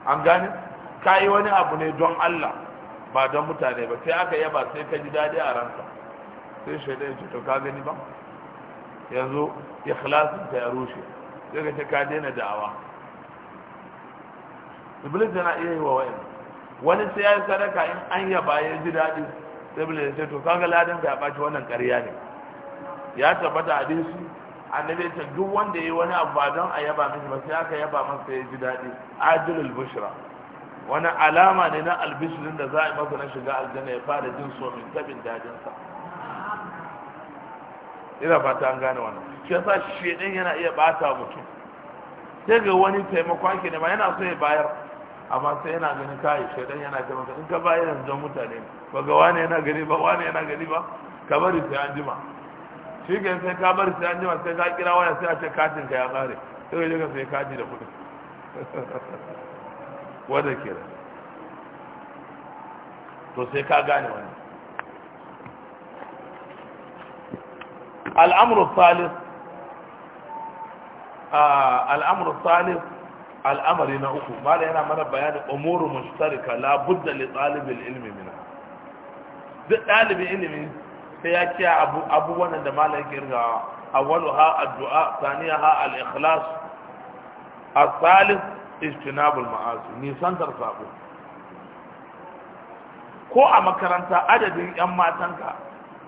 an gane ka yi wani abu ne don Allah ba don mutane ba sai aka yaba sai ka ji daɗi a ranka sai shaidan ya ce to ka gani ba yanzu ikhlasin ta ya rushe sai ka ce ka daina da'awa iblis yana iya yi wa wa'in wani sai ya yi sadaka in an yaba ya ji daɗi sai iblis ya ce to kaga ladan ka ya ɓaci wannan ƙarya ne ya tabbata hadisi annabi ta duk wanda yayi wani abu ba don a yaba mishi ba sai aka yaba masa ya ji daɗi adilul bushra wani alama ne na albishirin da za a yi masa na shiga aljanna ya fara jin so min tabin dadin sa ina fata an gane wannan shi yasa shedin yana iya bata mutum sai ga wani taimako ake ma yana so ya bayar amma sai yana ganin kai shedin yana taimaka in ka bayar yanzu mutane ba ga wani yana gani ba wani yana gani ba ka bari sai an jima shi ke sai ka bari sai an jima sai ka kira waya sai a ce katin ka ya kare sai ka je ka sai kati da kuɗi wanda ke da to sai ka gane wani al'amuru salis al'amuru salis al'amari na uku ba yana mana bayani umuru mushtarika la budda li talibin ilmi mina duk ɗalibin ilimi sai ya ce abubuwan da malam yake rigawa awwalu ha addu'a saniya ha al-ikhlas as-salis ijtinabul ma'asi nisantar sabo ko a makaranta adadin yan matanka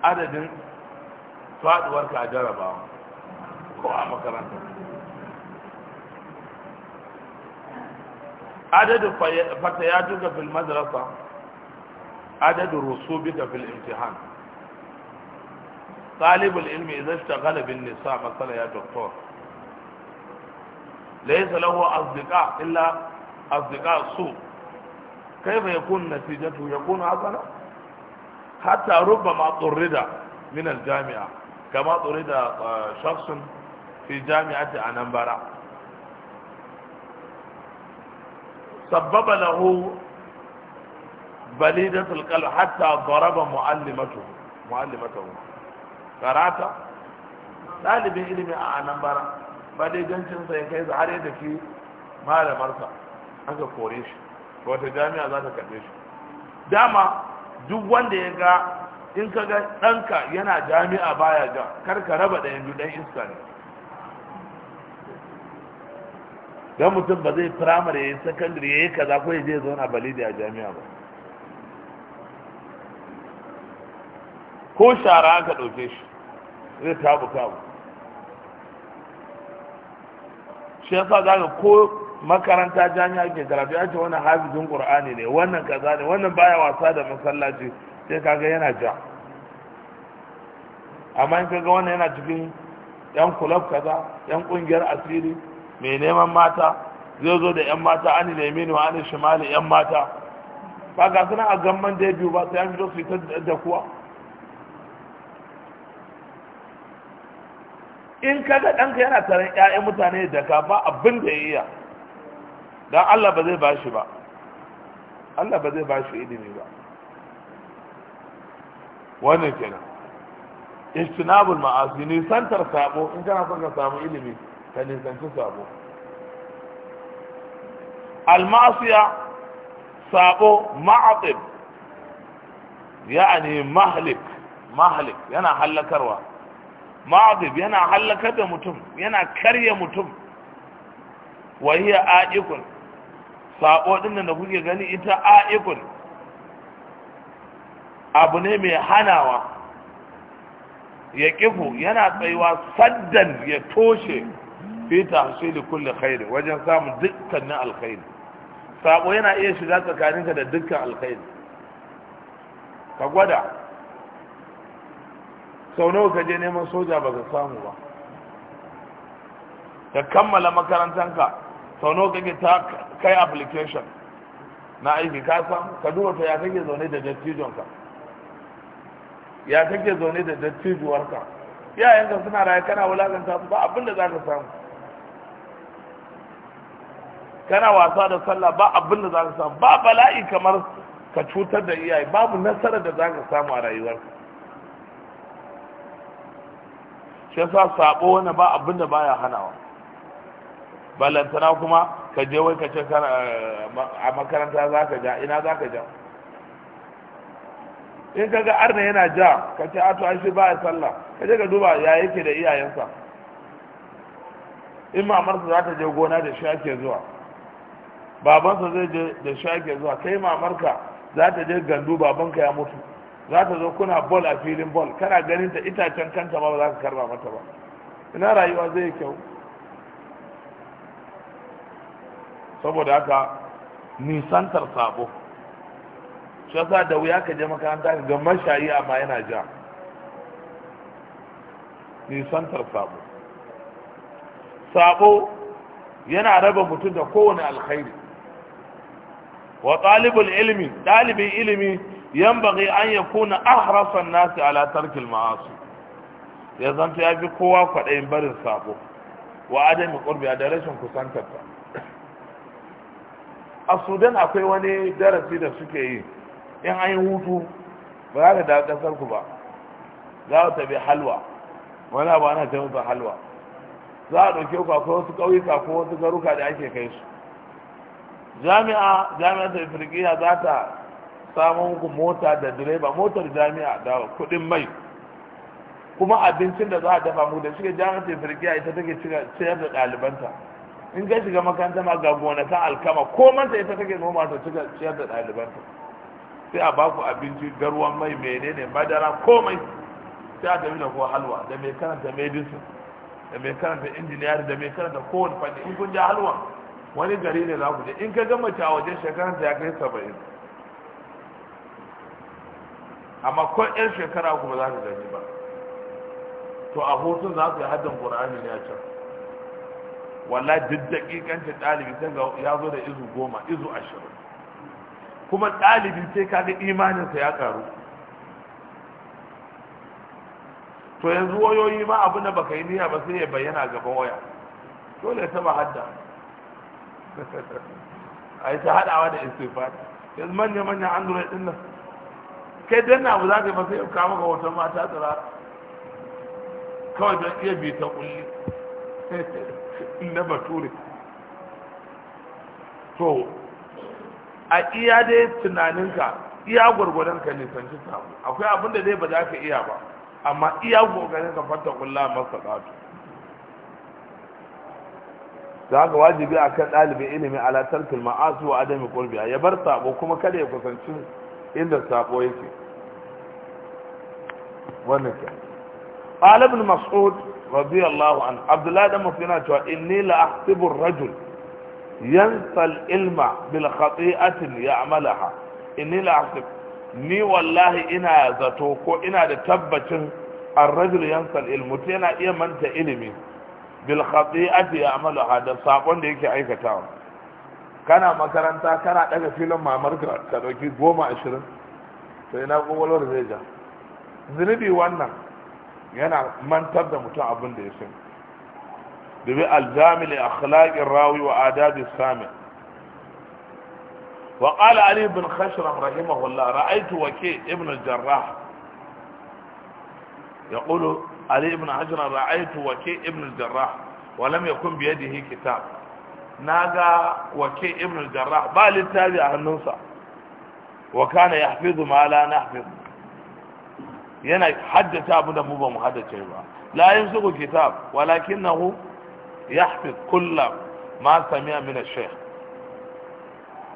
adadin faduwarka a jarabawa ko a makaranta adadin fatayatuka fil madrasa adadin rusubika fil imtihan طالب العلم إذا اشتغل بالنساء مثلا يا دكتور ليس له أصدقاء إلا أصدقاء سوء كيف يكون نتيجته يكون حسنا حتى ربما طرد من الجامعة كما طرد آه، شخص في جامعة أنمبرا سبب له بليدة القلب حتى ضرب معلمته معلمته karata ɗalibin ilimi a anan bara ba dai gancinsa ya kai za, har ya tafi malamarsa aka kore shi wata jami'a za ta karbe shi dama duk wanda ya ga in ka ga ɗanka yana jami'a baya ja kar ka raba ɗayan biyu ɗan iska ne Dan mutum ba zai firamare ya yi sakandare ya yi kaza ko ya je zauna balidi a jami'a ba ko shara aka ɗauke shi zai tabu tabu shi yasa za ka ko makaranta jami'a ke karatu ya ce wannan hafizin qur'ani ne wannan kaza ne wannan baya wasa da masallaci sai kaga yana ja amma in kaga wannan yana cikin yan kulab kaza yan kungiyar asiri mai neman mata zai zo da yan mata ani da yamini wa ani shimali yan mata ba ga suna a gamman da biyu ba sai an fito su yi ta da kuwa in kaga ɗanka yana taron ƴaƴan mutane da ka ba abin da ya iya dan Allah ba zai bashi ba Allah ba zai bashi ilimi ba wannan kenan ijtinabul ma'asi nisantar sabo in kana son ka samu ilimi ka nisanci sabo al-ma'asiya sabo ma'atib ya'ani mahlik mahlik yana halakarwa ma'azib yana hallakar da mutum yana karya mutum wa hiya a'ikun sabo din da kuke gani ita a'ikun abu ne mai hanawa ya kifu yana tsayuwa saddan ya toshe fi tahsili kulli khairi wajen samun dukkanin alkhairi sabo yana iya shiga tsakaninka da dukkan alkhairi ka gwada sau nawa ka je neman soja ba ka samu ba ka kammala makarantanka sau nawa kake ta kai application na aiki ka samu ka duba ta ya kake zaune da dattijonka ya kake zaune da dattijuwarka yayanka suna raye kana wulakanta su ba abinda za ka samu kana wasa da sallah ba abinda za ka samu ba bala'i kamar ka cutar da iyaye babu nasarar da za ka samu a rayuwarka shi yasa sabo wani ba abin da baya hanawa balantana kuma ka je wai ka ce eh, a makaranta za ka ja ina za ka ja in ka ga arna yana ja ka ce ato an shi ba a sallah ka je ka duba ya yake da iyayensa in mamarsa za ta je gona da shi ake zuwa babansa zai je da shi ake zuwa kai mamarka za ta je gandu babanka ya mutu za ta zo kuna bol a filin bol kana ganin ta itacen kanta ba ba za ka karba mata ba ina rayuwa zai kyau saboda haka nisantar sabo shi yasa da wuya ka je makaranta ga mashayi amma yana ja nisantar sabo sabo yana raba mutum da kowane alkhairi wa talibul ilmi dalibin ilimi yan yanbaghi an yakuna ahrasan nasi ala tarkil ma'asi ya zanta ya fi kowa kwaɗayin barin sabo wa adami a da rashin kusantarta a sudan akwai wani darasi da suke yi in an yi hutu ba za ka dawo kasar ku ba za ku tafi halwa wani abu ana ta musu halwa za a ɗauke ku akwai wasu ƙauyuka ko wasu garuka da ake kai su jami'a jami'ar ta za ta samun muku mota da direba motar jami'a da kuɗin mai kuma abincin da za a dafa mu da shiga jami'ar tafarkiya ita take ciyar da ɗalibanta in ka shiga makaranta ma ga gonakan alkama ko manta ita take noma ta ciyar da ɗalibanta sai a baku abinci garwan mai menene madara komai sai a tafi da ko halwa da mai karanta medicine da mai karanta engineer da mai karanta kowane fanni in kun ja halwa wani gari ne za ku je in ka gama a wajen shekaranta ya kai saba'in amma ko yan shekara kuma ba za ka gani ba to a hutun za su yi haddin qur'ani ne a can wallahi duk dakikancin ɗalibi sai ga ya zo da izu goma izu ashirin kuma ɗalibi sai kaga imaninsa ya karu to yanzu wayoyi ma abu da baka yi niyya ba sai ya bayyana gaba waya dole ya ba hadda a yi ta haɗawa da istifa yanzu manya-manyan android ɗin nan kai na abu za ka yi masa yau kama ga wata mata tsara kawai don iya bi ta kulli na bature to a iya dai tunaninka iya gwargwadon ka nisanci samu akwai abin da dai ba za ka iya ba amma iya gwargwadon ka fata kulla masa tsatu da haka wajibi a kan ɗalibin ilimin alatar ma'asu wa adami kulbiya ya bar sabo kuma kada ya kusanci inda sabo yake wannan ke qala ibn mas'ud radiyallahu an abdullah da mafina cewa inni la ahsibu ar-rajul yansa al-ilma bil khati'atin ya'malaha inni la ahsib ni wallahi ina zato ko ina da tabbacin ar-rajul yansa al-ilmu yana iya manta ilimi bil khati'ati ya'malaha da sabon da yake aikatawa kana makaranta kana daga filin mamarka ka dauki goma ashirin to ina kwakwalwar zai ja zunubi wannan yana mantar da mutum abin da ya sani dubi aljami li akhlaqir rawi wa adabi sami wa qala ali ibn khashram rahimahullah ra'aytu waki ibn al-jarrah يقول علي بن حجر رأيت وكيء ابن الجراح ولم يكن بيده كتاب na ga wake ibn jarrah ba littafi a hannunsa wa kana ya hafizu mala na hafizu yana haddata abu da mu ba mu haddace ba la yamsuku kitab ya hafiz kullam ma sami'a min ash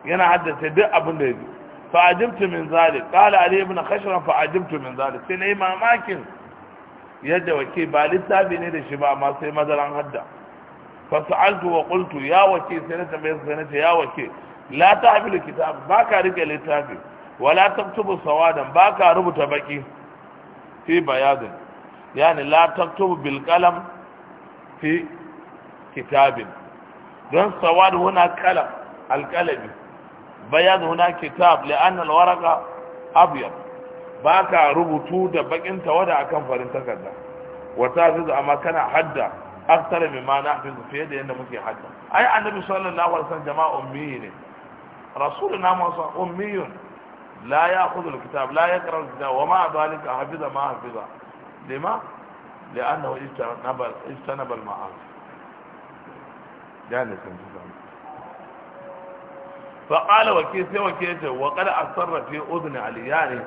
yana haddace duk abin da yaji fa ajibtu min zalik qala ali ibn khashram fa ajibtu min zalik sai nayi mamakin yadda wake ba littafi ne da shi ba amma sai madaran hadda fasa'altu wa qultu ya wace sai na tambaye sai na ce ya wace la tahmilu kitab ba ka rike littafi wala taktubu sawadan ba ka rubuta baki fi bayadin yani la taktubu fi kitabin don sawad huna qalam kitab ba ka rubutu da bakin tawada akan farin takarda wata zuzu amma kana hadda أكثر مما نحفظ في يدي أن مكي حجة أي النبي صلى الله عليه وسلم جماعة أميين رسول الله أمي لا يأخذ الكتاب لا يقرأ الكتاب ومع ذلك حفظ ما حفظ لما؟ لأنه اجتنب اجتنب المعاصي جانس فقال وكيف وكيف وقد أصر في أذن علي يعني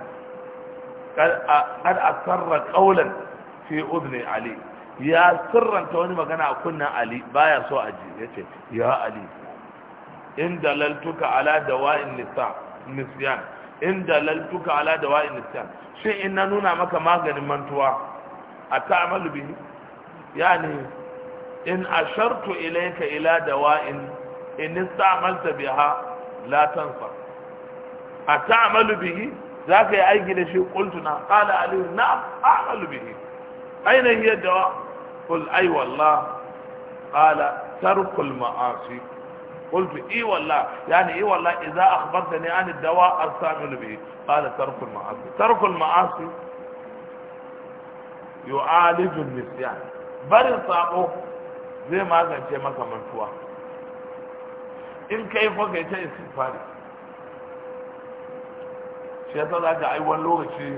قد أصر قولا في أذن علي ya sirranta wani magana a kunnan ali baya so a ji ya ce ya ali in dalaltuka ala dawa'in nisa nisyan in dalaltuka ala dawa'in nisyan shin in na nuna maka maganin mantuwa a ta'amalu bi yani in ashartu ilayka ila dawa'in in istamalta biha la tansa a ta'amalu bi zaka yi aiki da shi qultuna qala ali na a'malu bihi أين هي الدواء قل أي أيوة والله قال ترك المعاصي قلت اي والله يعني اي والله اذا اخبرتني عن الدواء استعمل به قال ترك المعاصي ترك المعاصي يعالج النسيان barin sako zai magance maka mantuwa in kai إن كيف ta istighfari shi yasa za ka ai wani lokaci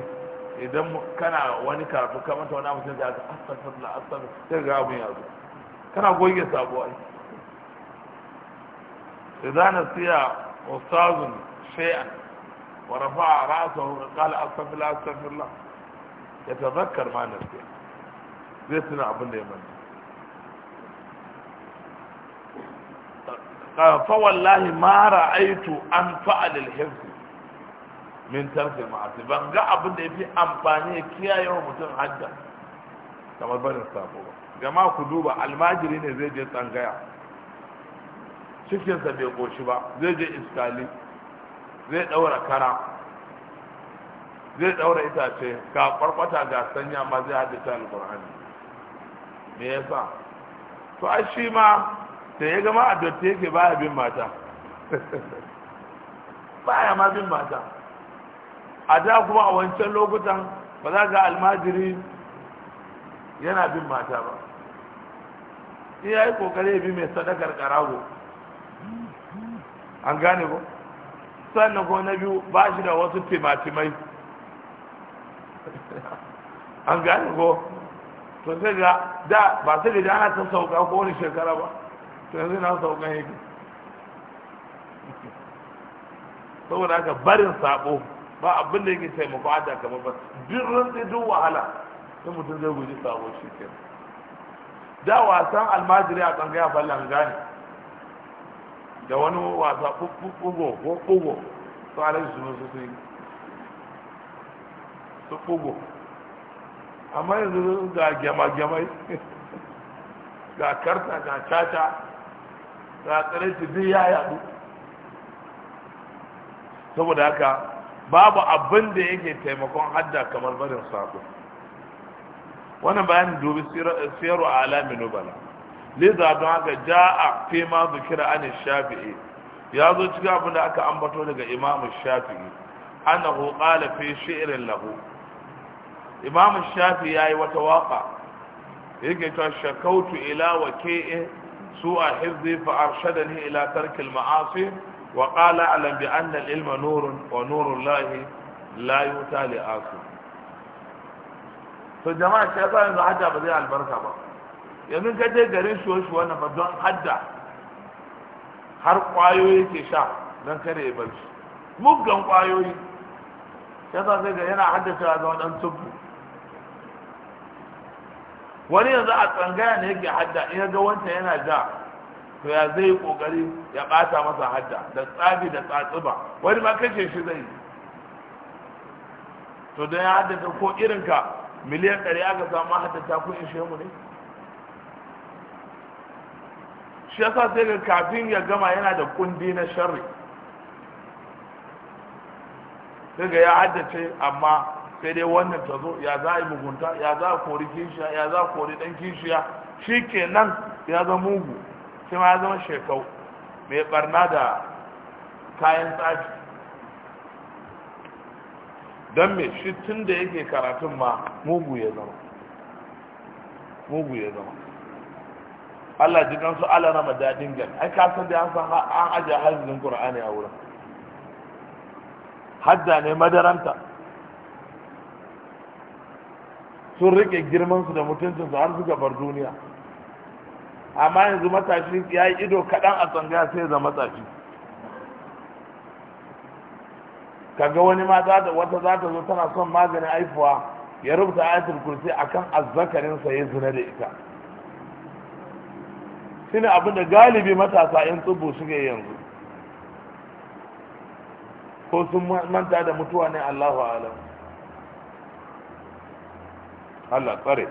idan kana wani karatu ka manta wani abu sai ga astaghfirullah astaghfirullah sai ga abun ya zo kana goge sabo ai idan na siya ustazun shay'an wa rafa'a ra'sahu wa qala astaghfirullah astaghfirullah yatadhakkar ma nasiya zai tuna abin da ya manta fa wallahi ma ra'aytu an fa'al al-hifz min tarkil ma'asi ban ga abin da yafi amfani ya kiyaye wa mutum hajja kamar barin sabo ba gama ku duba almajiri ne zai je tsangaya cikinsa bai goshi ba zai je iskali zai daura kara zai daura itace ga kwarkwata ga sanya ma zai ta alkur'ani me yasa to ai shi ma da ya gama a dotte yake baya bin mata baya ma bin mata a da kuma a wancan lokutan ba za ga almajiri yana bin mata ba in ya yi kokare bi mai sadakar karago an gane ko sannan ko na biyu ba shi da wasu timatimai an gane ko to sai ga da ba sai da ana ta sauka ko wani shekara ba to yanzu na saukan yake saboda haka barin sabo ba abin da yake taimako ada kamar ba duk rantsi duk wahala sai mutum zai guji sabo shi ke da wasan almajiri a tsangaya fallon gani da wani wasa bugo ko kugo su alaji su su yi su kugo amma yanzu ga gyama-gyamai ga karta ga caca ga tsare su duk ya yadu saboda haka babu abin da yake taimakon hadda kamar barin sako wannan bayanin dubi siyaru a alamin nubala liza don haka ja'a fi ma zukira an shafi'i ya zo cikin abin da aka ambato daga imamu shafi'i ana hukala fi shi'irin lahu imamu shafi'i yi wata waka yake ta shakautu ila su a hizzi fa'ar shadani ila tarkil ma'asi وقال أعلم بأن العلم نور ونور الله لا يؤتى لآخر to jama'a shi yasa yanzu hajja ba zai albarka ba yanzu ka garin shuwa shuwa na fa don hajja har kwayoyi ke sha don kare ya bar shi muggan kwayoyi yana haddacewa ga wadan wani yanzu a tsangaya ne yake hadda ina ga yana da. to ya zai yi kokari ya bata masa hadda da tsabi da tsatsuba wani ma kace shi zai yi to don ya haddata ko irinka miliyan ɗari aka samu haddata kun ishe mu ne shi yasa sai ga kafin ya gama yana da kundi na sharri sai ga ya haddace amma sai dai wannan ta zo ya za a yi mugunta ya za a kori kishiya ya za a kori dan kishiya shi kenan ya zama mugu shi ma ya zama shekau mai barna da kayan tsaki don me shi tun da yake karatun ma mugu ya zama mugu ya zama Allah ji kan su ala rama daɗin gan ai ka san da an san an aje hajjin Qur'ani a wurin hadda ne madaranta sun rike girman su da mutuncin har suka bar duniya amma yanzu matashi ya yi ido kaɗan a tsanga sai zama tsafi kaga wani ma za wata za ta zo tana son maganin haifuwa ya rubuta ayatul kursi akan sa ya zina da ita shine abin da galibi matasa in tsubu suke yanzu ko sun manta da mutuwa ne Allahu alam Allah tsare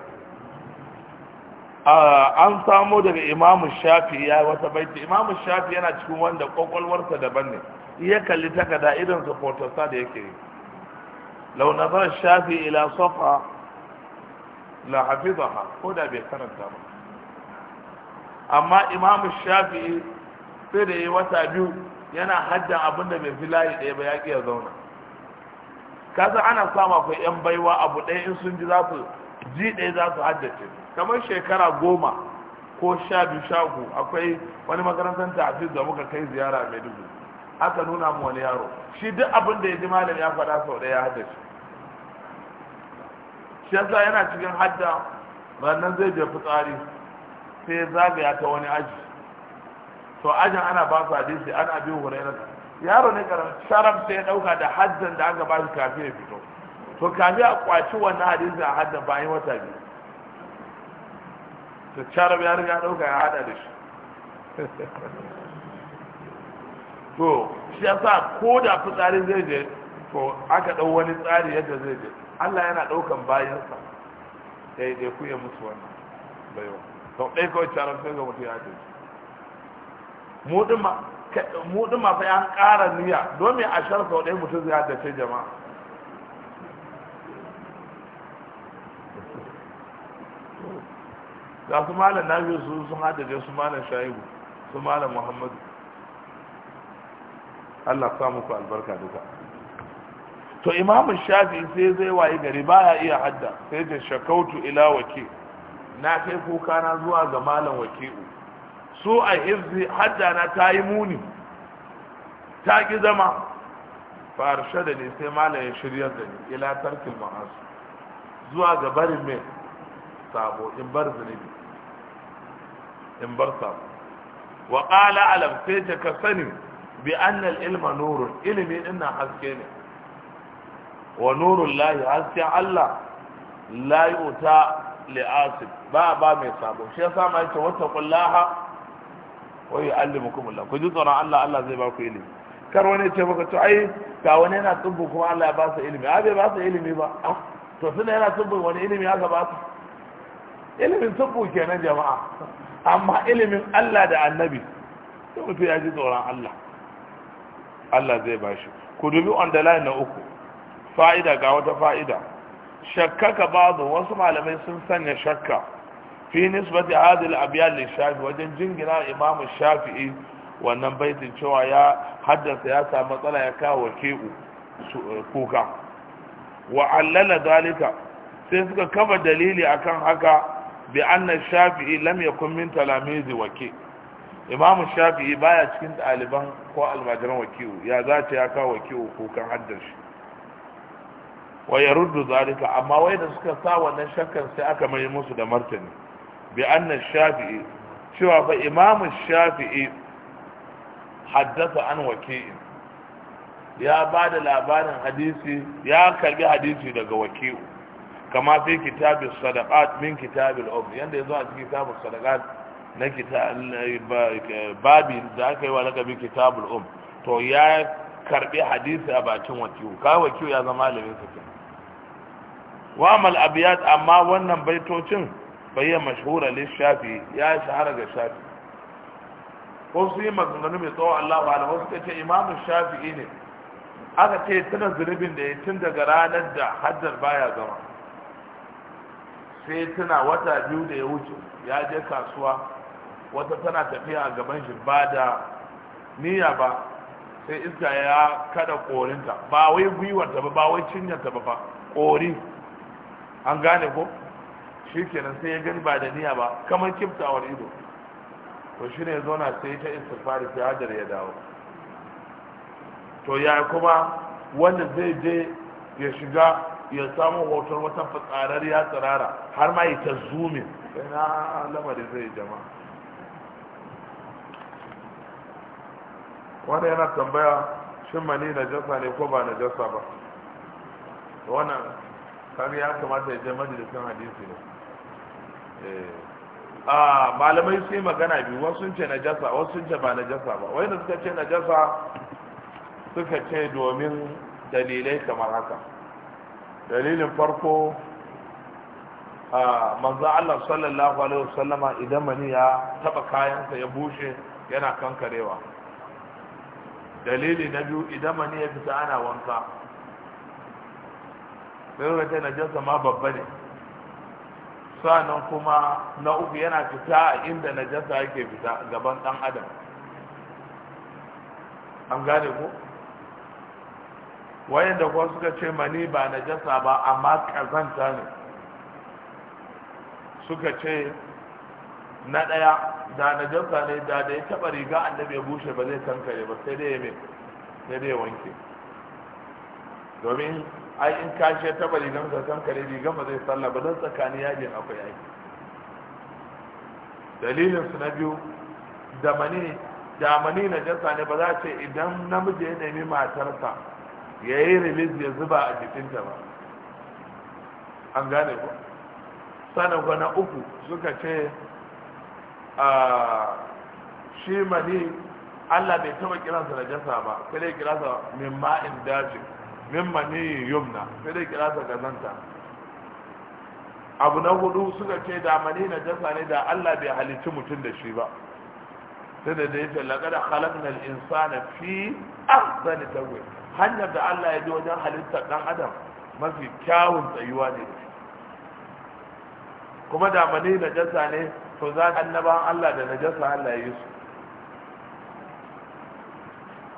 an samo daga imamu shafi ya wata baiti imamu shafi yana cikin wanda kwakwalwarsa daban ne iya kalli takada idan su fotosa da yake lau nazar shafi ila sofa la hafizaha ko da bai karanta ba amma imamu shafi sai da yi wata biyu yana haddan abin da bai fi layi ɗaya ba ya ƙi ya zauna kaza ana sama ku yan baiwa abu ɗaya in sun ji za su ji ɗaya za su haddace kamar shekara goma ko sha biyu sha uku akwai wani makarantar tafiz da muka kai ziyara a dubu aka nuna mu wani yaro shi duk abin da ya ji malam ya faɗa sau ɗaya ya haddace shi yasa yana cikin hadda rannan zai je fitsari sai zagaya ta wani aji to ajin ana ba su hadisi an bin hurairah yaro ne karam sharaf sai dauka da haddan da aka bashi kafi ya fito to kafi a kwaci wannan hadisi a hadda bayan wata biyu to sharaf ya riga dauka ya hada da shi to shi yasa ko da fitsari zai je to aka dau wani tsari yadda zai je Allah yana daukan bayansa dai dai ku ya mutu wannan bayo to dai kawai sharaf sai ga mutu ya ce mu din ma mu din ma fa an ƙara niyya domin a sharfa wadai mutum zai ce jama'a ga su malam na biyu su sun haddace su malam shaibu su malam muhammadu Allah sa muku albarka duka to imamu shafi sai zai waye gari baya iya hadda sai da shakautu ila wake na kai kuka na zuwa ga malam wake'u su a izzi hajjana ta yi muni ta ki zama farshe da ne sai ya shirya da ni ila tarkin ma'asu zuwa ga barin mai sabo in bar zunubi in bar sabo wa ƙala alam sai ta ka sani bi annal ilma nurun ilimi ina haske ne wa nurun lahi hasken allah layi wuta li'asib ba ba mai sabo shi ya sa ma yake wata kullaha wa yu'allimukum Allah ku ji tsoron Allah Allah zai ba ku ilimi kar wani ce maka to ai ga wani yana tsubbu kuma Allah ya ba su ilimi a bai ba su ilimi ba to suna yana tsubbu wani ilimi aka ba su ilimin tsubbu kenan jama'a amma ilimin Allah da annabi sai mutum ya ji tsoron Allah Allah zai ba shi ku dubi on underline na uku fa'ida ga wata fa'ida shakka ka bazu wasu malamai sun sanya shakka fi nisbati hadhihi al-abyad li shafi wajen jingina Imamu shafi'i wannan baitin cewa ya haddasa ya samu matsala ya kawo ke'u eh, kuka wa allala dalika sai suka kafa dalili akan haka bi anna shafi'i lam yakun min talamizi wake imam shafi'i baya cikin ɗaliban ko almajiran wake ya zace ya kawo wakiu kukan haddar shi wa ya ruddu zalika amma wai da suka sa wannan shakkan sai aka mai musu da martani bi anna shafi'i cewa fa imam shafi'i haddasa an waki'in ya ba da labarin hadisi ya karbi hadisi daga waki'u kama fi kitabin sadaqat min kitabin ob yanda ya zo a cikin kitabin sadaqat na babi da aka yi wa lakabi kitabul um to ya karbi hadisi a bakin wakiyu ka wakiyu ya zama malamin sa kenan wa amal abiyat amma wannan baitocin bayyana mashhura lil shafi ya shahara ga shafi ko su yi maganganu mai tsawo Allahu alam wasu ta ce shafi'i ne aka ce tana zunubin da ya tun daga ranar da hajjar baya zama sai tuna wata biyu da ya wuce ya je kasuwa wata tana tafiya a gaban shi ba da niyya ba sai iska ya kada korinta ba wai gwiwarta ba ba wai cinyarta ba ba kori an gane ko shi kenan sai ya gani ba da niyya ba kamar kiftawar ido to shi ne zauna sai ta istifari fi hajar ya dawo to ya kuma wanda zai je ya shiga ya samu hoton wata fitsarar ya tsirara har ma ya ta zumi sai na lamari zai jama wanda yana tambaya shin mani na jasa ne ko ba na jasa ba wannan karya ya kamata ya je majalisin hadisi ne Eh. a malamai sai magana biyu wasu sun ce najasa wasu sun ce ba najasa ba wani suka ce najasa suka ce domin dalilai kamar haka dalilin farko manzo Allah sallallahu alaihi wasallama idan mani ya taba kayansa ya bushe yana kankarewa dalili na biyu idan mani ya fita ana wanka sai ka ce najasa ma babba ne sa'annan kuma na uku yana fita a inda najasa yake fita gaban dan adam an gane ko wayanda kuma suka ce mani ba najasa ba amma kazanta ne suka ce na ɗaya da najasa ne da da ya taɓa riga annabi ya bushe ba zai kankare ba sai dai ya sai dai ya wanke domin ai in kashe ta bari nan da san kare bi ba zai sallah ba don tsakani yajin akwai ai dalilin su na biyu da mani na jasa ne ba za ce idan namiji ya nemi matarsa ya yi release ya zuba a jikinta ba an gane ko sanin na uku suka ce a shi mani Allah bai taba kiransa na jasa ba kare kiransa min ma'in dajin min maniyin yumna sai dai kira ta gazanta abu na hudu suka ce da mani na jasa ne da Allah bai halicci mutum da shi ba sai da dai talaqad khalaqna al-insana fi ahsani tawwi hanyar da Allah ya bi wajen halittar dan adam mafi kyawun tsayuwa ne kuma da mani na jasa ne to za annaban Allah da najasa Allah ya yi su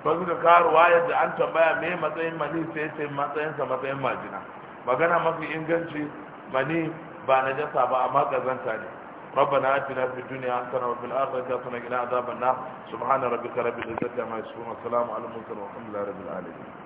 suka ka karuwa yadda an tambaya me matsayin mani sai sai matsayinsa matsayin majina magana mafi inganci mani ba na jasa ba amma kazanta ne ربنا آتنا في الدنيا حسنة وفي الآخرة حسنة إلى عذاب النار سبحان ربك رب العزة عما يصفون والسلام على المرسلين والحمد لله رب العالمين